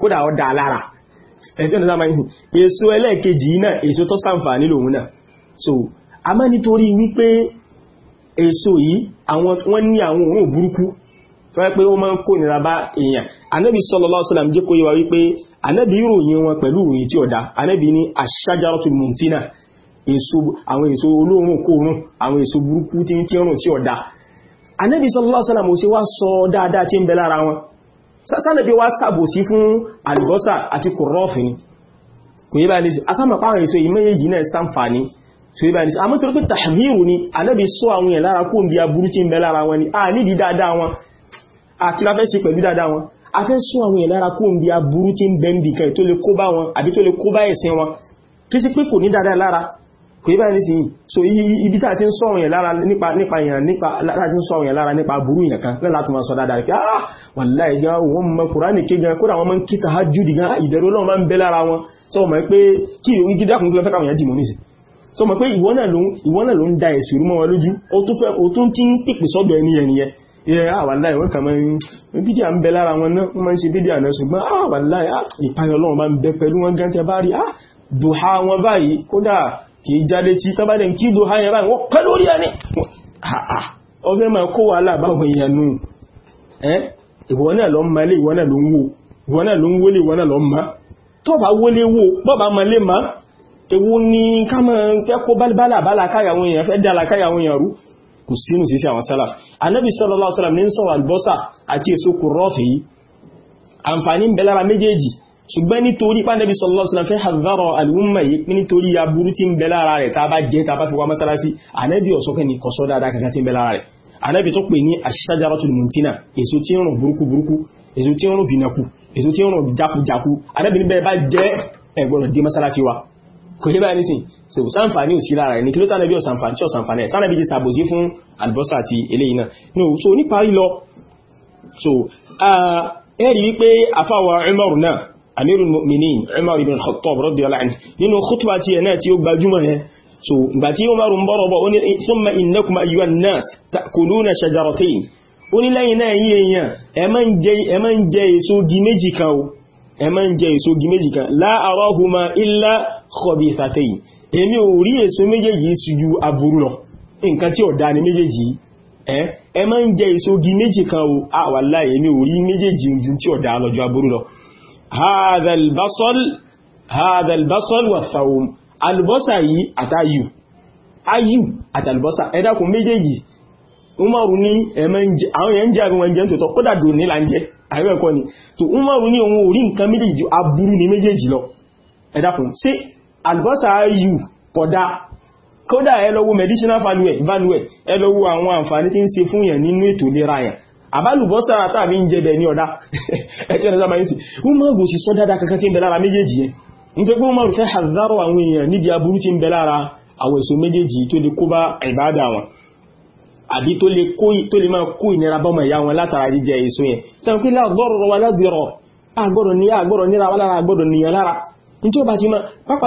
kódà ọ dáa lára ẹ̀sẹ̀ ọ̀nà sáàmà ìhùn èso ẹlẹ́ẹ̀kejì náà èso tó sàǹfààní lòun náà so a máa nítorí wípé èso yìí wọ́n ní àwọn òórùn burúkú tó wá pé ó máa ń kó nira bá èèyàn anábì sallallahu alaihi wasallam jẹ́ kó yé wa wípé anábì ròyìn muntina àwọn èso olóòórùn kóòórùn àwọn èso burúkú tí ń tí ń rùn tí ọ̀dá anẹ́bí sallallahu alaihi wasallam ó sì wá sọ dáadáa tí ń bẹ lára wọn sánàbí wá sàbòsí fún àlùbọ́sà àti kòrọ́ọ̀fì ni kò yí bá ní sí asámàpá àwọn èso ìmẹ́yẹ̀yì náà sàǹfàní so yí bá ní sí àmọ́ ni anẹ́bí sọ àwọn èèyàn lára kó ń bí aburú tí ń bẹ lára wọn ni a nídi dáadáa wọn àkílá fẹ́ sí pẹ̀lú dáadáa wọn a kò yí báyìí nísìnyí so ibi tá ti ń sọ̀rọ̀ yẹn lára nípa nípa èèyàn nípa láti ń sọ̀rọ̀ yẹn lára nípa burú yẹn kan láti máa sọ dáadáa pé ah wàláhì gan wọ́n mọ kùránì ké gan kódà wọ́n máa ń kí tahajjud gan ah, ìbẹ̀rù Ọlọ́run máa ń bẹ lára wọn sọ mọ̀ pé kí ìròyìn gídá kùn fẹ́ káwọn yẹn dìmọ̀ nísìn sọ mọ̀ pé ìwọ náà ló ń da ẹ̀sìn rú mọ́ wọn lójú ó tún ti ń pèpè sọ́dọ̀ ẹni yẹn nìyẹn àwàláì ah, wọ́n kàmọ́ yìí bídíà ń bẹ lára wọn náà wọ́n máa ń ṣe bídíà náà ṣùgbọ́n àwàláì ah, ìpayọ̀ Ọlọ́run bá ń bẹ pẹ̀lú wọn gan bá rí duha wọn báyìí kódà kì í jáde tí tọ́ bá dẹ̀ kí ìdò hanyẹ báyìí wọ́n pẹ́ lórí ẹni ọfẹ́ ma kó wà láàbáwọn èèyàn nù ẹ́ ìwọ náà lọ ma lé ìwọ náà ló ń wò ìwọ náà ló ń wólé ìwọ náà lọ ma tọ́ bá wólé wò bọ́ ma lé ma ewu ni ká ma fẹ́ kó bálàbálà káyàwó èèyàn fẹ́ dára káyàwó èèyàn rú kò sínú sí àwọn sálà anábì sallallahu alaihi wasallam ní sọ̀rọ̀ ṣùgbọ́n nítorí pánẹ́bí sallallahu alaihi wasallam fẹ́ hadhara al-umma yìí nítorí aburú tí ń bẹ lára rẹ̀ tá bá jẹ́ tá bá fi wá mọ́sálásí ànẹ́bí ọ̀sọ́kẹ́ ni kọ̀sọ́ dáadáa kankan tí ń bẹ lára rẹ̀ ànẹ́bí tó pè ní ash-shajaratul muntina èso tí ń rùn burúkú burúkú èso tí ń rùn bìnàkù èso tí ń rùn jákujáku ànẹ́bí níbẹ̀ bá jẹ́ ẹ̀gbọ́n dé mọ́sálásí wa kò ní báyìí nísìn ṣe ò sáǹfàní òsì ẹ̀rí wípé afáwọ̀ Umaru náà amirul mu'minin umar ibn khattab radiyallahu anhu nínú khutba tí ẹ̀nà tí ó gbajúmọ̀ yẹn so ìgbà tí umar ń bọ́rọ̀ bọ́ ó ní summa innakum ayyuhan nas ta'kuluna shajaratayn ó ní lẹ́yìn náà yí èèyàn ẹ máa ń jẹ èso gi méjì kan o ẹ máa ń jẹ èso gi méjì kan la arahuma illa khabithatayn èmi ò rí èso méjèèjì sí ju aburú lọ nǹkan tí ọ̀dá ni méjèèjì ẹ máa ń jẹ èso gi méjì kan o ah wallahi èmi ò rí méjèèjì ju tí ọ̀dá lọ ju aburú lọ هذا البصل هذا البصل والثوم àlùbọ́sà yìí àtayù ayù àtàlùbọ́sà ẹ̀dàkùn méjèèjì umaru ní àwọn èèyàn jẹ́ àwọn ẹ̀jẹ́ tó kódà dò ní láńjẹ́ àríwẹ̀kọ́ ni tó umaru ní ohun orí nǹkan méjèèjì jù aburú ní méjèèjì lọ ẹ̀dàkùn sí àlùbọ́sà ayù kódà kódà ẹ lọ wo medicinal value ẹ lọ wo àwọn àbálùbọ́sà tàbí ń jẹ́bẹ̀ ní ọ̀dá ẹ̀tí ọ̀nà sábà ń sì Umaru sì sọ dáadáa kankan tí ń bẹ lára méjèèjì yẹn nítorí pé Umaru fẹ́ hazaro àwọn èèyàn níbi aburú tí ń bẹ lára àwọn èso méjèèjì tó lè kó bá ìbádà wọn àbí tó lè máa kó ìnira bọ́mọ ìyá wọn látara jíjẹ èso yẹn sẹ́wọ́n pé láàgbọ́rọ̀ wa ládìrọ̀ àgbọ́rọ̀ ní àgbọ́rọ̀ níra wa lára àgbọ́rọ̀ níyàn lára tí ó bá ti máa pápá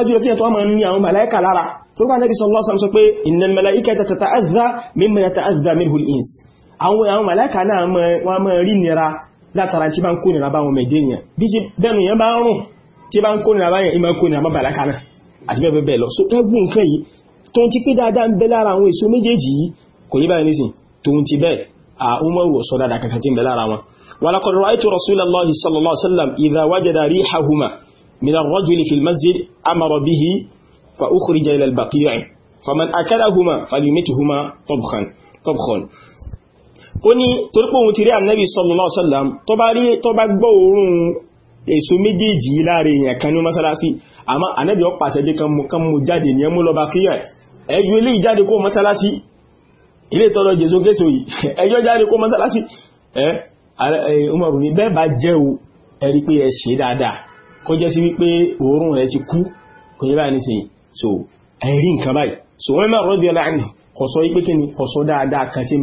àwọn àwọn màláìkà náà wọ́n mọ́ rí nira látara tí bá ń kó nira bá wọn mẹ́dé èèyàn bí ṣe bẹ́nu yẹn bá rùn tí bá ń kó nira bá yẹn ìmọ̀ kó nira bá màláìkà náà àti bẹ́ẹ̀ bẹ́ẹ̀ lọ so ẹgbùn nǹkan yìí tó ń ti pé dáadáa ń bẹ lára àwọn èso méjèèjì yìí kò yí báyìí nísìn tó ń ti bẹ́ẹ̀ àúmọ̀rù ọ̀sọ́ dáadáa kankan ti ń bẹ lára wọn ولقد رأيت رسول الله صلى الله عليه وسلم إذا وجد ريحهما من الرجل في المسجد أمر به فأخرج إلى البقيع فمن أكلهما فليمتهما طبخا طبخا ó ní torípò ohun ti rí ànábì sallallahu alaihi wasallam tó bá gbọ́ òórùn èso méjèèjì láàrin èèyàn kan ní mọ́sálásí àmọ́ ànábì ó pàṣẹ dé kan mú jáde ní ẹmú lọ́ba kíyàn ẹjọ́ ilé ìjáde kó mọ́sálásí ilé tọ́lọ jésù késo yìí *laughs* ẹjọ́ jáde kó mọ́sálásí ẹ́ Umaru ní bẹ́ẹ̀ bá jẹ́ o ẹ rí pé ẹ ṣe dáadáa kó jẹ́ sí wípé òórùn rẹ̀ ti kú kò ń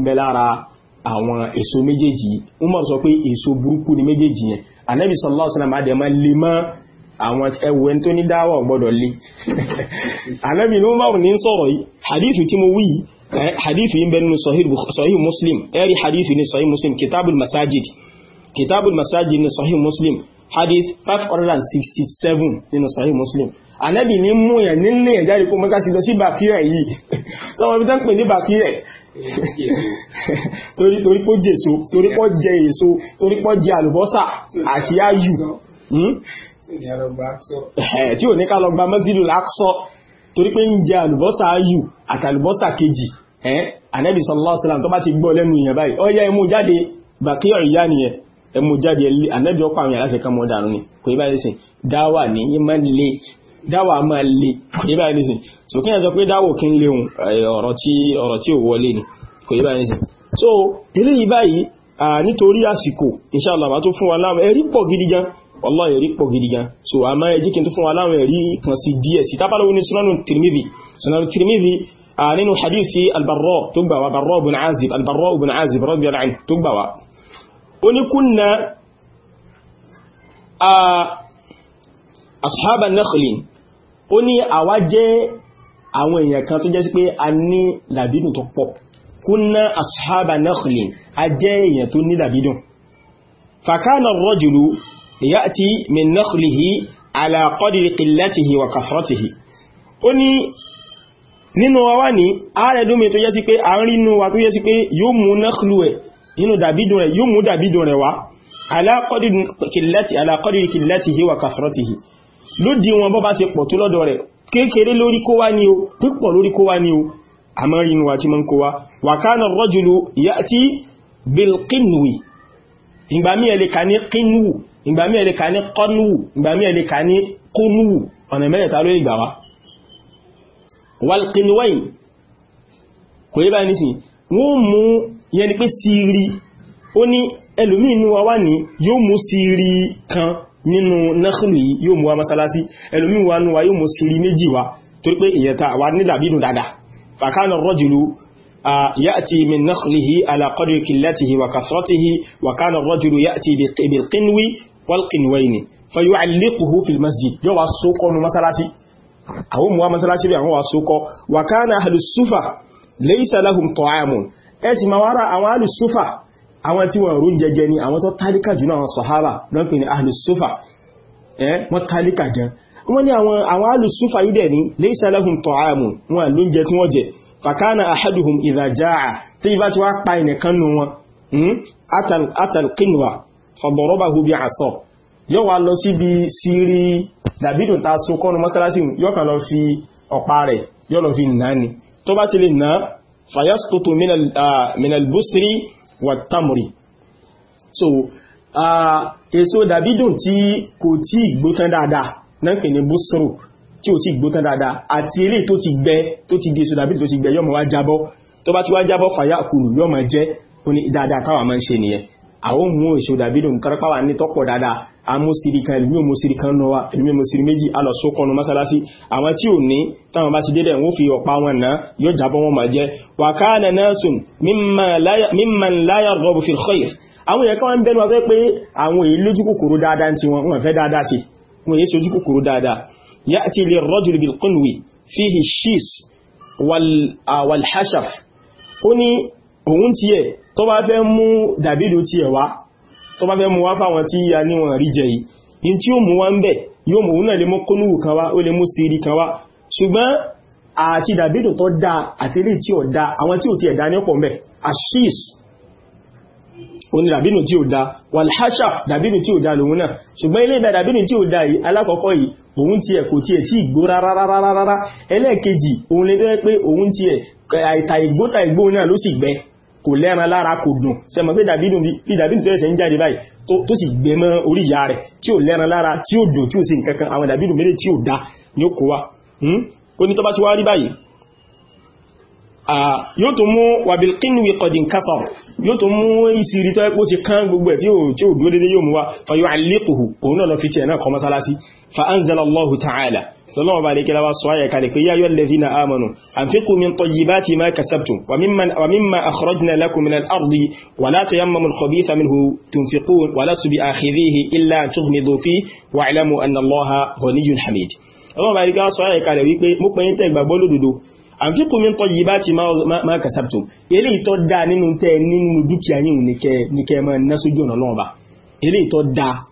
bẹ lára àwọn èso méjèèjì Umar sọ pé èso burúkú ni méjèèjì yẹn Ànábì sallallahu alaihi wasallam àdẹ̀mọ́ lè mọ́ àwọn ẹwù ẹni tó ní dáwà ọ̀gbọ́dọ̀ lé *laughs* Ànábì ní Umar ní sọ̀rọ̀ yìí hadithu tí mo wí eh, hadithu yìí bẹnu sahih muslim ẹ̀rí hadithu ní sahih muslim kitabul masajid kitabul masajid ní sahih muslim hadith 567 nínú sahih muslim Ànábì ní mú yẹn nínú ẹ̀jáde kó mọ́sá sí lọ sí bàkírẹ̀ yìí *laughs* sọ́wọ́n bí tán pè ní bàkírẹ̀ *laughs* torí torí pọ́ jẹ èso torí pọ́ jẹ èso torí pọ́ jẹ àlùbọ́sà àti áyù hmm? tí ò ní ká lọ gba mọ́sílù láksọ torí pé ń jẹ àlùbọ́sà áyù àti àlùbọ́sà kejì Ànábì sallallahu alaihi wasallam tó bá ti gbọ́ lẹ́nu ìyẹn báyìí ó yá ẹmú jáde bàkí ọ̀yá nìyẹn ẹmú jáde Ànábì ọkọ̀ àwọn ìyàláfẹ́ kan mọ́ dànù ni kò yí báyìí sí dáwà ní yí máa ń dáwà máa lè kò yẹ báyìí nìsìn so kí ẹ̀sọ pé dáwò kí ń léhun ọ̀rọ̀ tí ó wọlé ni kò yẹ báyìí nìsìn so eléyìí báyìí nítorí àsìkò inshallah máa tó fún wa láwọn ẹ̀rí pọ̀ gidi gan wallahi ẹ̀rí pọ̀ gidi gan so a máa ẹjí kí n tó fún wa láwọn ẹ̀rí kan sí díẹ̀ sí tábàlówó ní sunanu Tirmidhi sunanu Tirmidhi nínú hadisi albarro tó gbà wa ó ní àwa jẹ́ àwọn èèyàn kan tó jẹ́ sí pé a ní làbídùn tó pọ̀ kunna ashaba nakhlin a jẹ́ èèyàn tó ní làbídùn fakana rajulu ya'ti min nakhlihi ala qadri qillatihi wa kathratihi ó ní nínú wa wá ní ààrẹ dómi tó jẹ́ sí pé a lódì wọn bọ́ bá ṣe pọ̀ tó lọ́dọ̀ rẹ̀ kékeré lórí kó wá ní o pípọ̀ lórí kó wá ní o àmọ́ inú wa ti mọ́ ń kó wá wa kana rajulu ya'ti bil qinwi ìgbà mí ẹ̀lẹ́ ka ní qinwu ìgbà mí ẹ̀lẹ́ ka ní qanwu ìgbà ẹ̀lẹ́ ka ní qunwu ọ̀nà mẹ́rẹ̀ta ló ìgbà wá wal qinwayn kò yí báyìí nísìn wọ́n mú yẹn ni pé síri ó ní ẹlòmí inú wa wá ní yóò mú síri kan nínú náàlù yóò mú wa masalasi ẹlòmíì wa núwa yóò mú sírí méjì wa torí pé ìyẹta wa ní dàbínú dada fàkánà rọ́jùlú yàtí min náàlùhí alákọ́dù kìlátìhí wa kàfọ́tìhí wa kánà rọ́jùlú yàtí bilkinwi walkinwaini fayu alikuhu fil masjid yóò wa sókọ́ nu masalasi àwọn mú wa masalasi bí àwọn àwọn tí wọ́n rún jẹjẹ ni àwọn tó tálíkà jù náà àwọn sọ̀hábà lọ́pìn ní ahlùsúfà ẹ́ wọ́n tálíkà gan wọ́n ní àwọn ahlùsúfà yìí dẹ̀ ní laysa lahum ta'amu wọn ló ń jẹ tí wọ́n jẹ fàkánà ahaduhum idha hmm, tó bá ti lè nà fayasqutu minal ah, wà so èso dàbídò tí kò tí gbó tán dáadáa náà pè ní búsùrù tí ò tí gbó tán dáadáa àti ilé tó ti gbẹ tó ti di èso dàbídò tó ti gbẹ yóò máa wá jábọ́ tó bá ti wá jábọ́ fàyà kùrù yóò máa jẹ dáadáa táwa máa ń ṣe nìyẹn àwọn ohun èso dàbídò nkárápáwà ní tọ́pọ̀ dáadáa amúsiri kan ìlú òmúsiri kan náà ìlú òmúsiri méjì alọ̀sókọ̀nù mọ́sálásí àwọn tí ò ní táwọn bá ti dédé wọ́n fi ọ̀pá wọn náà yóò jábọ́ wọn máa jẹ́ wa kana nasun mimman la yarghabu fil khair àwọn èèyàn kan wọ́n bẹ́nu wọ́n pé àwọn èyí lójú kòkòrò tó bá fẹ́ mú dàbídù ti ẹ̀wá tó bá fẹ́ mú wá fáwọn tí ya ní wọn rí jẹ yìí in tí ó mú wá ń bẹ̀ yóò mú náà lè mú kónúwù kan wá ó lè mú sírí kan wá ṣùgbọ́n àti dàbídù tó dá àtẹ́lẹ̀ tí ó dá àwọn tí ó ti ẹ̀dá ní mẹ́ ashis òní dàbínú tí ó dá wàlháṣà dàbínú tí ó dá lòun náà ṣùgbọ́n ilé ìdá dàbínú tí ó dá yìí alákọ̀ọ́kọ́ yìí òun ti ẹ̀ kò tí ẹ̀ tí ìgbó rárárárárá ẹlẹ́ẹ̀kejì òun lè bẹ́ẹ̀ pé òun ti ẹ̀ àìta ìgbóta ìgbó náà ló sì gbẹ́ kò lẹ́ran lára kò dùn ṣe mọ̀ pé dàbídùn bí dàbídùn tó ẹ̀ṣẹ̀ ń jáde báyìí tó sì gbé mọ́ orí ìyá rẹ̀ tí ò lẹ́ran lára tí ò dùn tí ò sí nǹkankan àwọn dàbídùn méjì tí ò dá ní ó kó wa hmm? ó ní tó bá ti wá rí báyìí yóò tó mú wàbílkínwì wa fa yóò àlékòhù òun náà lọ fi tí ẹ̀ náà kọ masálásí ta'ala lọ́nà ọba lè kílawa sọ ayẹ kalẹ̀ pé yá yọ́ lè zina amanu an fi kú min tayyibati ma kasabtum wa mimma akhrajna lakum min al-ardi wa la tayammamu al-khabitha minhu tunfiqun wa lastu bi akhidhihi illa an tughmidu fi wa ilamu anna allaha ghaniyyun hamid lọ́nà ọba lè kílawa sọ ayẹ kalẹ̀ wípé mú pẹ̀yìn tẹ́ gbàgbọ́ lódodo an fi kú min tayyibati ma kasabtum ilé ìtọ́ da nínú tẹ́ nínú dúkìá yìí ní kẹ́ máa násójú ọ̀nà lọ́ọ̀ba ilé ìtọ́ da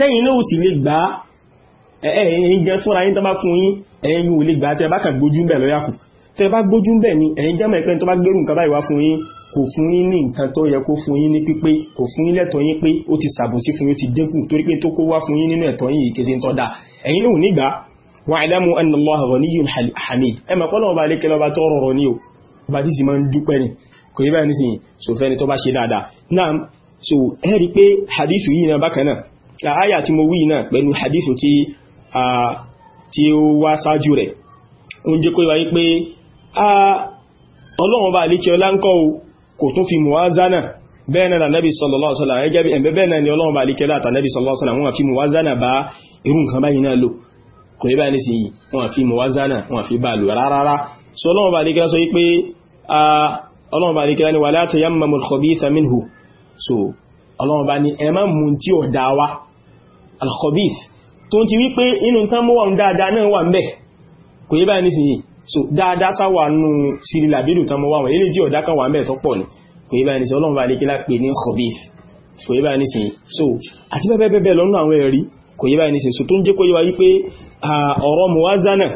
tẹ́yìn náà sì lè gbá ẹ̀yìn gan fúnra yín tó bá fún yín ẹ̀yìn ò lè gbá tẹ́ bá kà gbójú bẹ̀ lọ́yàkù tẹ́ bá gbójú bẹ̀ ni ẹ̀yìn jẹ́ mẹ́pẹ́ tó bá gbérù nǹkan báyìí wá fún yín kò fún yín ní nǹkan tó yẹ kó fún yín ní pípé kò fún yín lẹ́tọ̀ yín pé ó ti sàbòsí fún yín ó ti dínkù torí pé tó kó wá fún yín nínú ẹ̀tọ́ yín yìí kése tọ́ da ẹ̀yin lòun nígbà wa'lamu anna Allaha ni kò yí báyìí nísìnyí sòfẹ́ni tó hadithu yìí náà bákan àáyà tí mo wí náà pẹ̀lú hadithu tí a tí ó wá sáájú rẹ̀ ó ń jẹ́ kó wáyé pé a ọlọ́run bá alékẹ́ ọláńkọ́ kò tún fi muwazana bẹ́ẹ̀ náà nàbí sallallahu alaihi wasallam ẹgẹ́ bí ẹ̀mẹ́ bẹ́ẹ̀ náà ni ọlọ́run bá alékẹ́ láta nàbí sallallahu alaihi wasallam wọ́n fi muwazana bá irú nǹkan báyìí náà lò kò ní báyìí nísìnyí wọ́n fi muwazana wọ́n fi bá lò rárá so tí ò wá al-khabith tó ti wí pé inú tán mọ́ wọn dáadáa náà wà ń bẹ̀ kò yé báyìí nísìnyí so dáadáa sáwà nù sírí làbídù tán mọ́ wà wọ́n eléjì ọ̀dá kan wà ń bẹ̀ tó pọ̀ ní kò yé báyìí nísìnyí ọlọ́run bá lè kí lápè ní khabith kò yé báyìí nísìnyí so ati bẹ́ẹ̀ bẹ́ẹ̀ bẹ́ẹ̀ lọ́nà àwọn ẹ̀rí kò yé báyìí so tó ń jẹ́ kó yé wa wípé ọ̀rọ̀ muwazana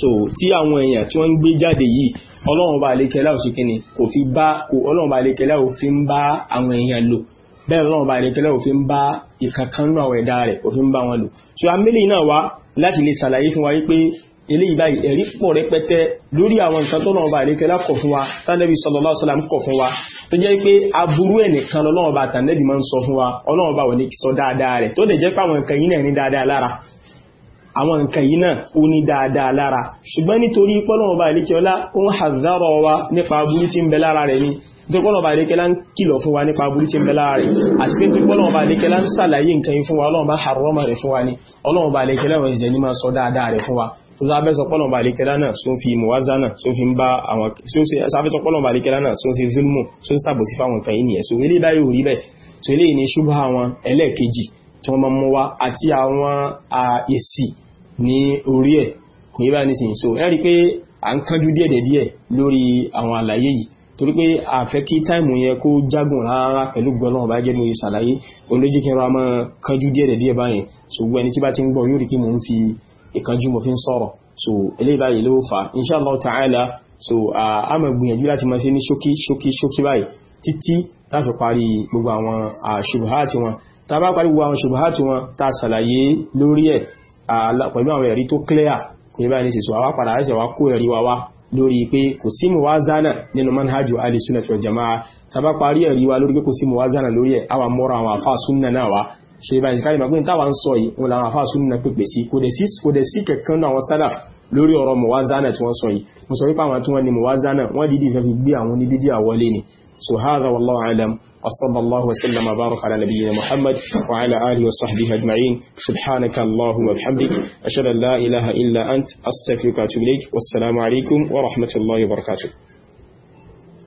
so tí àwọn èèyàn tí wọ́n ń gbé jáde yìí ọlọ́run bá lè kẹ́lá òsìkíni kò fi bá ọlọ́run bá lè kẹ́lá òfin bá àwọn èèyàn lò bẹ́ẹ̀ lọ́wọ́ bá ilẹ̀ tẹ́lẹ̀ òfin bá ìkankanú àwọn ẹ̀dá rẹ̀ òfin bá wọn lò so amílì náà wá láti lè sàlàyé fún wa wípé eléyìí báyìí ẹ̀rí pọ̀ rẹpẹtẹ lórí àwọn nǹkan tó lọ́wọ́ bá ilẹ̀ tẹ́lẹ̀ kọ̀ fún wa tánẹ́bí sallallahu alaihi wasallam kọ̀ fún wa tó jẹ́ pé aburú ẹnìkan lọ́wọ́ bá tànẹ́bí máa ń sọ fún wa ọlọ́wọ́ bá wọlé sọ dáadáa rẹ̀ wa nípa aburú tí ń ni dọ́gbọ́nà bá lékẹ́lá ń kìlọ̀ fún wa nípa burú tí ń bẹ láàrin àti pé dọ́gbọ́nà bá lékẹ́lá ń sàlàyé nǹkan yí fún wa ọlọ́run bá harọ́mà rẹ̀ fún wa ní ọlọ́run bá lékẹ́lá wọ́n ìjẹ́ ní máa sọ dáadáa rẹ̀ fún wa tó sáfẹ́ sọpọ́lọ̀ bá lékẹ́lá náà só fi mọ̀wázá náà só fi ń bá àwọn sáfẹ́ sọpọ́lọ̀ bá lékẹ́lá náà só fi zulmù só ń sàbòsí fáwọn kan yìí ẹ̀sùn ilé báyìí ò rí bẹ́ẹ̀ tó ilé ní ṣubú àwọn ẹlẹ́ẹ̀kejì lórí àwọn àlàyé yìí torí pé àfẹ́ kí táìmù yẹn kó jágùn rárá pẹ̀lú gbọ́lọ́wọ́ bá gẹ́gẹ́ ìsàlàyé olójí kí n ra máa kánjú díẹ̀ díẹ̀ báyìí ṣùgbọ́n ẹni tí bá ti ń gbọ́ yóò rí kí mò ń fi ìkánjú mo fi ń sọ̀rọ̀ so eléyìí báyìí ló fà ta'ala so a máa gbìyànjú láti máa ṣe ní ṣókí ṣókí ṣókí báyìí títí tá fi parí gbogbo àwọn ṣubuhati wọn tá bá parí gbogbo àwọn ṣubuhati wọn tá ṣàlàyé lórí ẹ̀ pẹ̀lú clear kò yẹ báyìí ní ṣe so lórí pé kò sí muwazana nínú manhajú alisunat wal jama'a tàbá parí ẹ̀rí wa lórí pé kò sí muwazana lórí ẹ̀ àwọn mọ́ra àwọn àfá súnnà náà wá ṣe ibá ìsìkárí magbín táwà ń sọ yìí wọn làwọn àfá súnnà pèpè sí kò dẹ̀ sí kẹ̀kan So هذا والله أعلم وصلى الله وسلم وبارك على نبينا محمد وعلى آله وصحبه أجمعين سبحانك اللهم وبحمدك أشهد أن لا إله إلا أنت أستغفرك وأتوب إليك والسلام عليكم ورحمة الله وبركاته